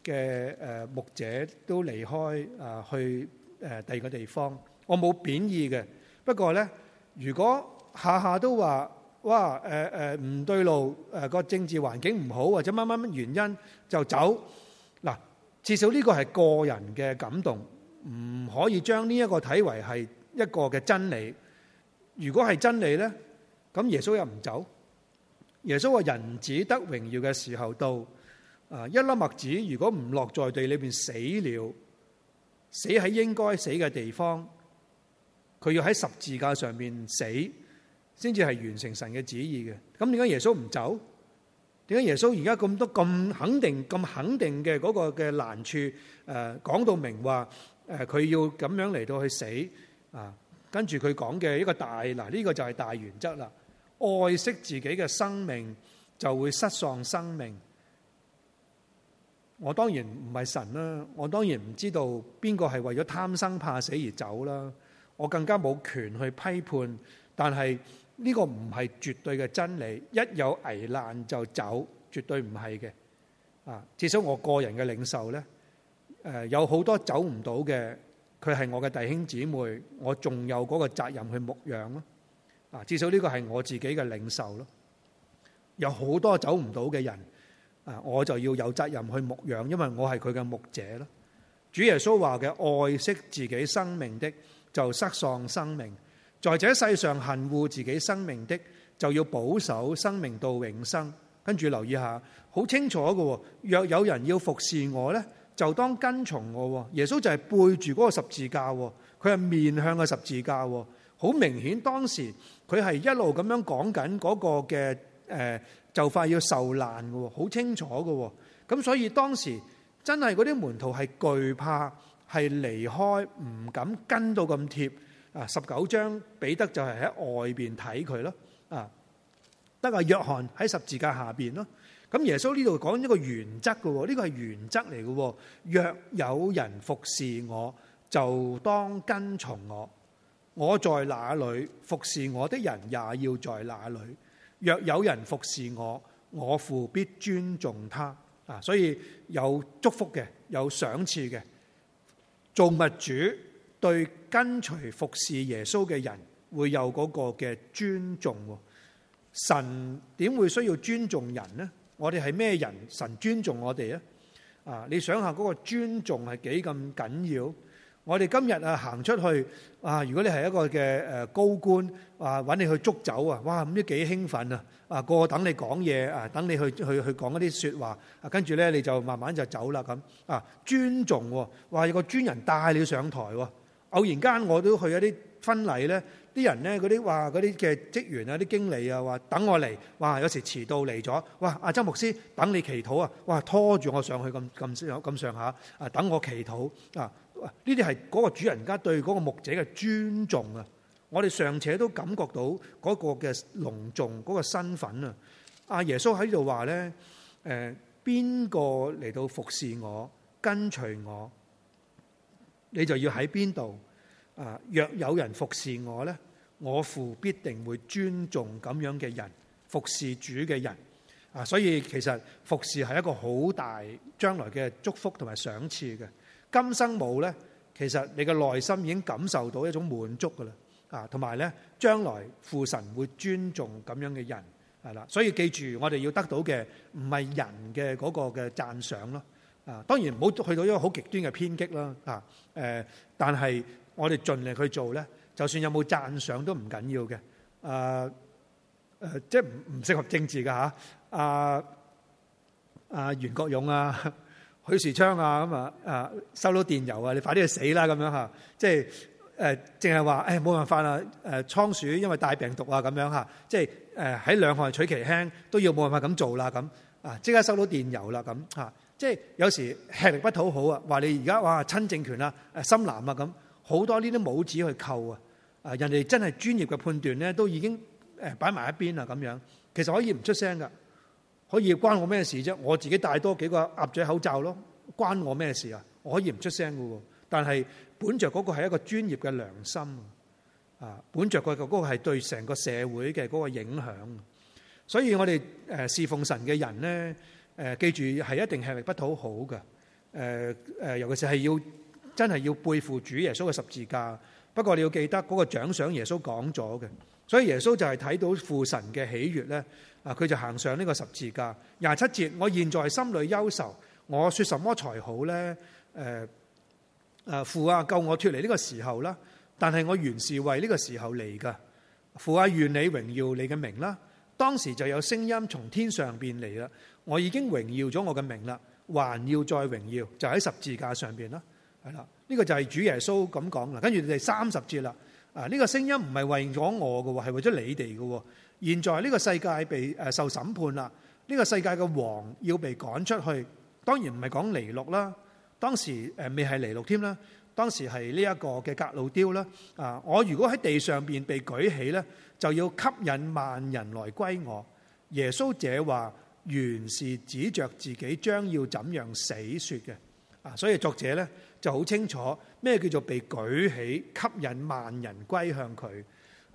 嘅誒牧者都離開啊，去誒第二個地方。我冇貶義嘅，不過咧，如果下下都話哇，誒誒唔對路，誒個政治環境唔好，或者乜乜乜原因就走嗱，至少呢個係個人嘅感動，唔可以將呢一個睇為係一個嘅真理。如果係真理咧，咁耶穌又唔走。耶穌話：人子得榮耀嘅時候到。啊！一粒麥子如果唔落在地裏邊死了，死喺應該死嘅地方，佢要喺十字架上面死，先至係完成神嘅旨意嘅。咁點解耶穌唔走？點解耶穌而家咁多咁肯定咁肯定嘅嗰個嘅難處？誒、呃，講到明話，誒、呃，佢要咁樣嚟到去死啊！跟住佢講嘅一個大嗱，呢、這個就係大原則啦。愛惜自己嘅生命就會失喪生命。我當然唔係神啦，我當然唔知道邊個係為咗貪生怕死而走啦。我更加冇權去批判，但係呢個唔係絕對嘅真理。一有危難就走，絕對唔係嘅。啊，至少我個人嘅領受呢，誒，有好多走唔到嘅，佢係我嘅弟兄姊妹，我仲有嗰個責任去牧養咯。啊，至少呢個係我自己嘅領受咯。有好多走唔到嘅人。啊！我就要有責任去牧養，因為我係佢嘅牧者咯。主耶穌話嘅：愛惜自己生命的就失喪生命；在這世上恨惡自己生命的就要保守生命到永生。跟住留意一下，好清楚嘅。若有人要服侍我呢，就當跟從我。耶穌就係背住嗰個十字架，佢係面向個十字架。好明顯，當時佢係一路咁樣講緊嗰個嘅誒。呃就快要受難嘅，好清楚嘅。咁所以當時真係嗰啲門徒係懼怕，係離開，唔敢跟到咁貼。啊，十九章彼得就係喺外邊睇佢咯。啊，得個約翰喺十字架下邊咯。咁耶穌呢度講一個原則嘅，呢個係原則嚟嘅。若有人服侍我，就當跟從我。我在哪裏，服侍我的人，也要在哪裏。若有人服侍我，我父必尊重他。啊，所以有祝福嘅，有賞賜嘅。造物主對跟隨服侍耶穌嘅人會有嗰個嘅尊重。神點會需要尊重人呢？我哋係咩人？神尊重我哋啊？啊，你想下嗰個尊重係幾咁緊要？我哋今日啊行出去啊，如果你係一個嘅誒高官，啊搵你去捉走啊，哇唔知幾興奮啊！啊個個等你講嘢啊，等你去去去講一啲説話啊，跟住咧你就慢慢就走啦咁啊，尊重喎，哇有個專人帶你上台喎。偶然間我都去一啲婚禮咧，啲人咧嗰啲哇嗰啲嘅職員啊、啲經理啊話等我嚟，哇有時遲到嚟咗，哇阿周牧師等你祈禱啊，哇拖住我上去咁咁上咁上下啊等我祈禱啊。呢啲係嗰個主人家對嗰個牧者嘅尊重啊！我哋尚且都感覺到嗰個嘅隆重，嗰個身份啊！阿耶穌喺度話咧，誒、呃，邊個嚟到服侍我、跟隨我，你就要喺邊度啊！若有人服侍我咧，我父必定會尊重咁樣嘅人，服侍主嘅人啊！所以其實服侍係一個好大將來嘅祝福同埋賞賜嘅。今生冇咧，其實你嘅內心已經感受到一種滿足噶啦，啊，同埋咧，將來父神會尊重咁樣嘅人，係啦。所以記住，我哋要得到嘅唔係人嘅嗰個嘅讚賞咯，啊，當然唔好去到一個好極端嘅偏激啦，啊，誒，但係我哋盡力去做咧，就算有冇讚賞都唔緊要嘅，啊，誒，即係唔適合政治㗎吓，啊，啊袁國勇啊。許樹昌啊，咁啊啊收到電郵啊，你快啲去死啦咁樣嚇，即係誒，淨係話誒冇辦法啦誒，倉鼠因為帶病毒啊咁樣嚇，即係誒喺兩害取其輕都要冇辦法咁做啦咁啊，即刻收到電郵啦咁嚇，即係有時吃力不討好啊，話你而家哇親政權啊誒深藍啊咁，好多呢啲帽子去扣啊，啊人哋真係專業嘅判斷咧都已經誒擺埋一邊啦咁樣，其實可以唔出聲噶。可以關我咩事啫？我自己戴多幾個鴨嘴口罩咯，關我咩事啊？我可以唔出聲噶喎。但係本着嗰個係一個專業嘅良心啊，本着個嗰個係對成個社會嘅嗰個影響。所以我哋誒侍奉神嘅人咧，誒記住係一定係吃力不討好噶。誒誒，尤其是係要真係要背負主耶穌嘅十字架。不過你要記得嗰、那個獎賞，耶穌講咗嘅。所以耶穌就係睇到父神嘅喜悅咧。啊！佢就行上呢個十字架，廿七節，我現在心裏憂愁，我說什麼才好咧？誒誒，父啊，救我脱離呢個時候啦！但係我原是為呢個時候嚟噶，父啊，願你榮耀你嘅名啦！當時就有聲音從天上邊嚟啦，我已經榮耀咗我嘅名啦，還要再榮耀，就喺十字架上邊啦，係啦，呢個就係主耶穌咁講噶，跟住就係三十節啦。啊，呢個聲音唔係為咗我噶，係為咗你哋噶。現在呢個世界被誒受審判啦，呢、這個世界嘅王要被趕出去，當然唔係講尼祿啦，當時誒未係尼祿添啦，當時係呢一個嘅格魯雕啦。啊，我如果喺地上邊被舉起咧，就要吸引萬人來歸我。耶穌這話原是指着自己將要怎樣死説嘅。啊，所以作者咧就好清楚咩叫做被舉起，吸引萬人歸向佢。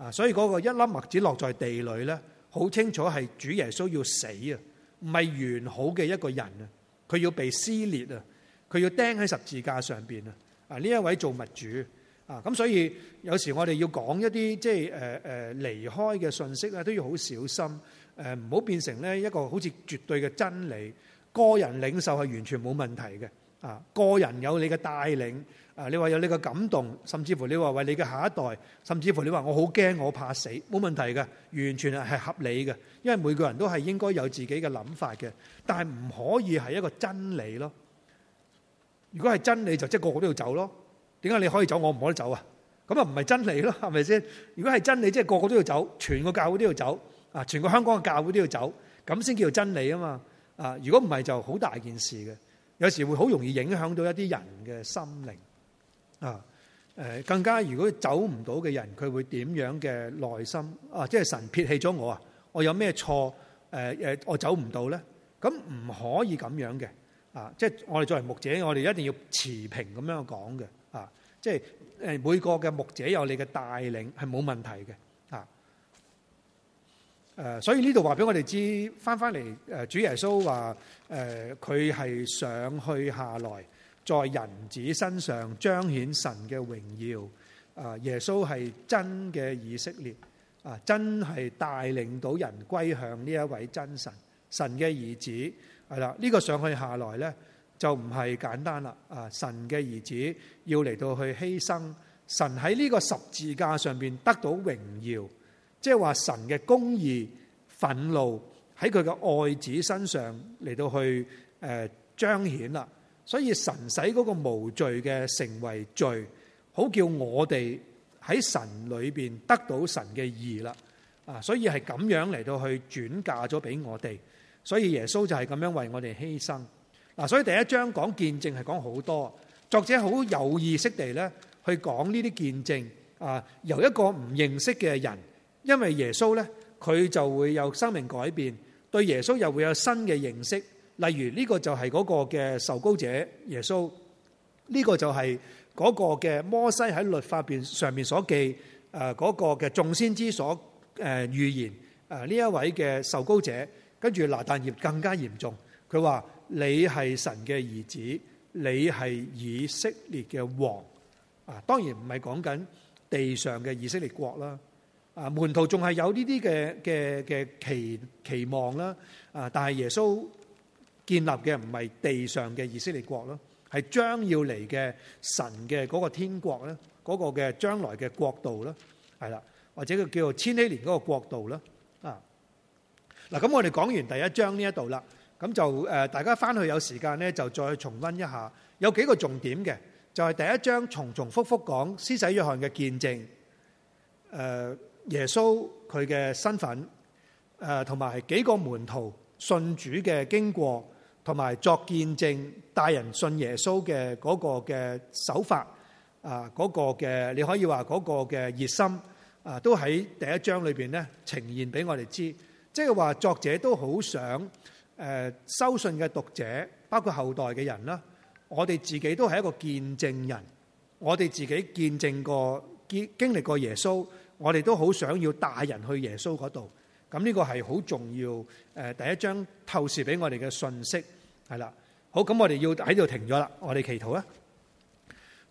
啊，所以嗰個一粒麥子落在地裏咧，好清楚係主耶穌要死啊，唔係完好嘅一個人啊，佢要被撕裂啊，佢要釘喺十字架上面啊。啊，呢一位造物主啊，咁所以有時我哋要講一啲即係離、呃、開嘅信息咧，都要好小心唔好、呃、變成咧一個好似絕對嘅真理，個人領受係完全冇問題嘅。啊！個人有你嘅帶領，啊！你話有你嘅感動，甚至乎你話為你嘅下一代，甚至乎你話我好驚，我怕死，冇問題嘅，完全係合理嘅，因為每個人都係應該有自己嘅諗法嘅，但係唔可以係一個真理咯。如果係真理，就即係個個都要走咯。點解你可以走，我唔可以走啊？咁啊，唔係真理咯，係咪先？如果係真理，即係個個都要走，全個教會都要走，啊，全個香港嘅教會都要走，咁先叫做真理啊嘛。啊，如果唔係，就好大件事嘅。有時會好容易影響到一啲人嘅心靈啊！誒，更加如果走唔到嘅人，佢會點樣嘅內心啊？即係神撇棄咗我啊！我有咩錯？誒誒，我走唔到咧？咁唔可以咁樣嘅啊！即係我哋作為牧者，我哋一定要持平咁樣講嘅啊！即係誒，每個嘅牧者有你嘅帶領係冇問題嘅。誒，所以呢度話俾我哋知，翻翻嚟誒，主耶穌話誒，佢、呃、係上去下來，在人子身上彰顯神嘅榮耀。啊，耶穌係真嘅以色列啊，真係帶領到人歸向呢一位真神，神嘅兒子。係啦，呢、這個上去下來呢，就唔係簡單啦。啊，神嘅兒子要嚟到去犧牲，神喺呢個十字架上面得到榮耀。即係話神嘅公義、憤怒喺佢嘅愛子身上嚟到去誒彰顯啦，所以神使嗰個無罪嘅成為罪，好叫我哋喺神裏邊得到神嘅義啦。啊，所以係咁樣嚟到去轉嫁咗俾我哋，所以耶穌就係咁樣為我哋犧牲嗱。所以第一章講見證，係講好多作者好有意識地咧去講呢啲見證啊，由一個唔認識嘅人。因為耶穌呢，佢就會有生命改變，對耶穌又會有新嘅認識。例如呢個就係嗰個嘅受膏者耶穌，呢、這個就係嗰個嘅摩西喺律法邊上面所記誒嗰、那個嘅眾先知所誒預言誒呢一位嘅受膏者。跟住拿但業更加嚴重，佢話：你係神嘅兒子，你係以色列嘅王啊！當然唔係講緊地上嘅以色列國啦。啊！門徒仲係有呢啲嘅嘅嘅期期望啦，啊！但係耶穌建立嘅唔係地上嘅以色列國咯，係將要嚟嘅神嘅嗰個天國咧，嗰個嘅將來嘅國度咧，係啦，或者佢叫做千禧年嗰個國度咧，啊！嗱，咁我哋講完第一章呢一度啦，咁就誒大家翻去有時間咧，就再重溫一下，有幾個重點嘅，就係第一章重重複複講施洗約翰嘅見證，誒。耶穌佢嘅身份，誒同埋幾個門徒信主嘅經過，同埋作見證帶人信耶穌嘅嗰個嘅手法啊，嗰個嘅你可以話嗰個嘅熱心啊，都喺第一章裏邊咧呈現俾我哋知，即係話作者都好想誒收信嘅讀者，包括後代嘅人啦。我哋自己都係一個見證人，我哋自己見證過、經經歷過耶穌。我哋都好想要帶人去耶穌嗰度，咁呢個係好重要。誒，第一章透視俾我哋嘅信息係啦。好，咁我哋要喺度停咗啦。我哋祈禱啦。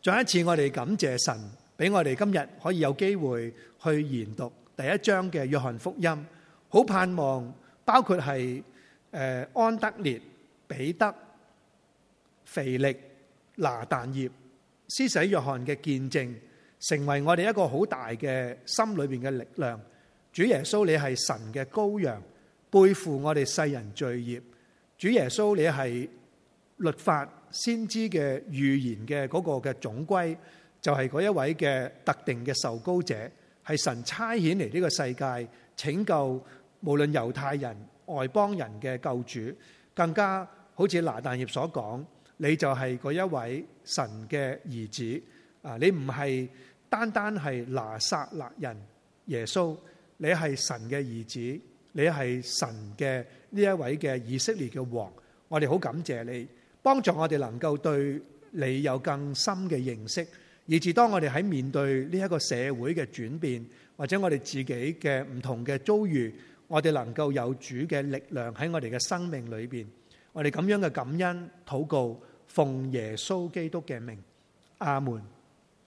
再一次，我哋感謝神俾我哋今日可以有機會去研讀第一章嘅約翰福音。好盼望包括係誒安德烈、彼得、腓力、拿但業、施洗約翰嘅見證。成為我哋一個好大嘅心裏邊嘅力量，主耶穌你係神嘅羔羊，背負我哋世人罪孽；主耶穌你係律法先知嘅預言嘅嗰個嘅總歸，就係嗰一位嘅特定嘅受膏者，係神差遣嚟呢個世界拯救無論猶太人外邦人嘅救主，更加好似拿但業所講，你就係嗰一位神嘅兒子啊！你唔係。單單係拿撒勒人耶穌，你係神嘅兒子，你係神嘅呢一位嘅以色列嘅王，我哋好感謝你，幫助我哋能夠對你有更深嘅認識，以致當我哋喺面對呢一個社會嘅轉變，或者我哋自己嘅唔同嘅遭遇，我哋能夠有主嘅力量喺我哋嘅生命裏邊，我哋咁樣嘅感恩禱告，奉耶穌基督嘅名，阿門。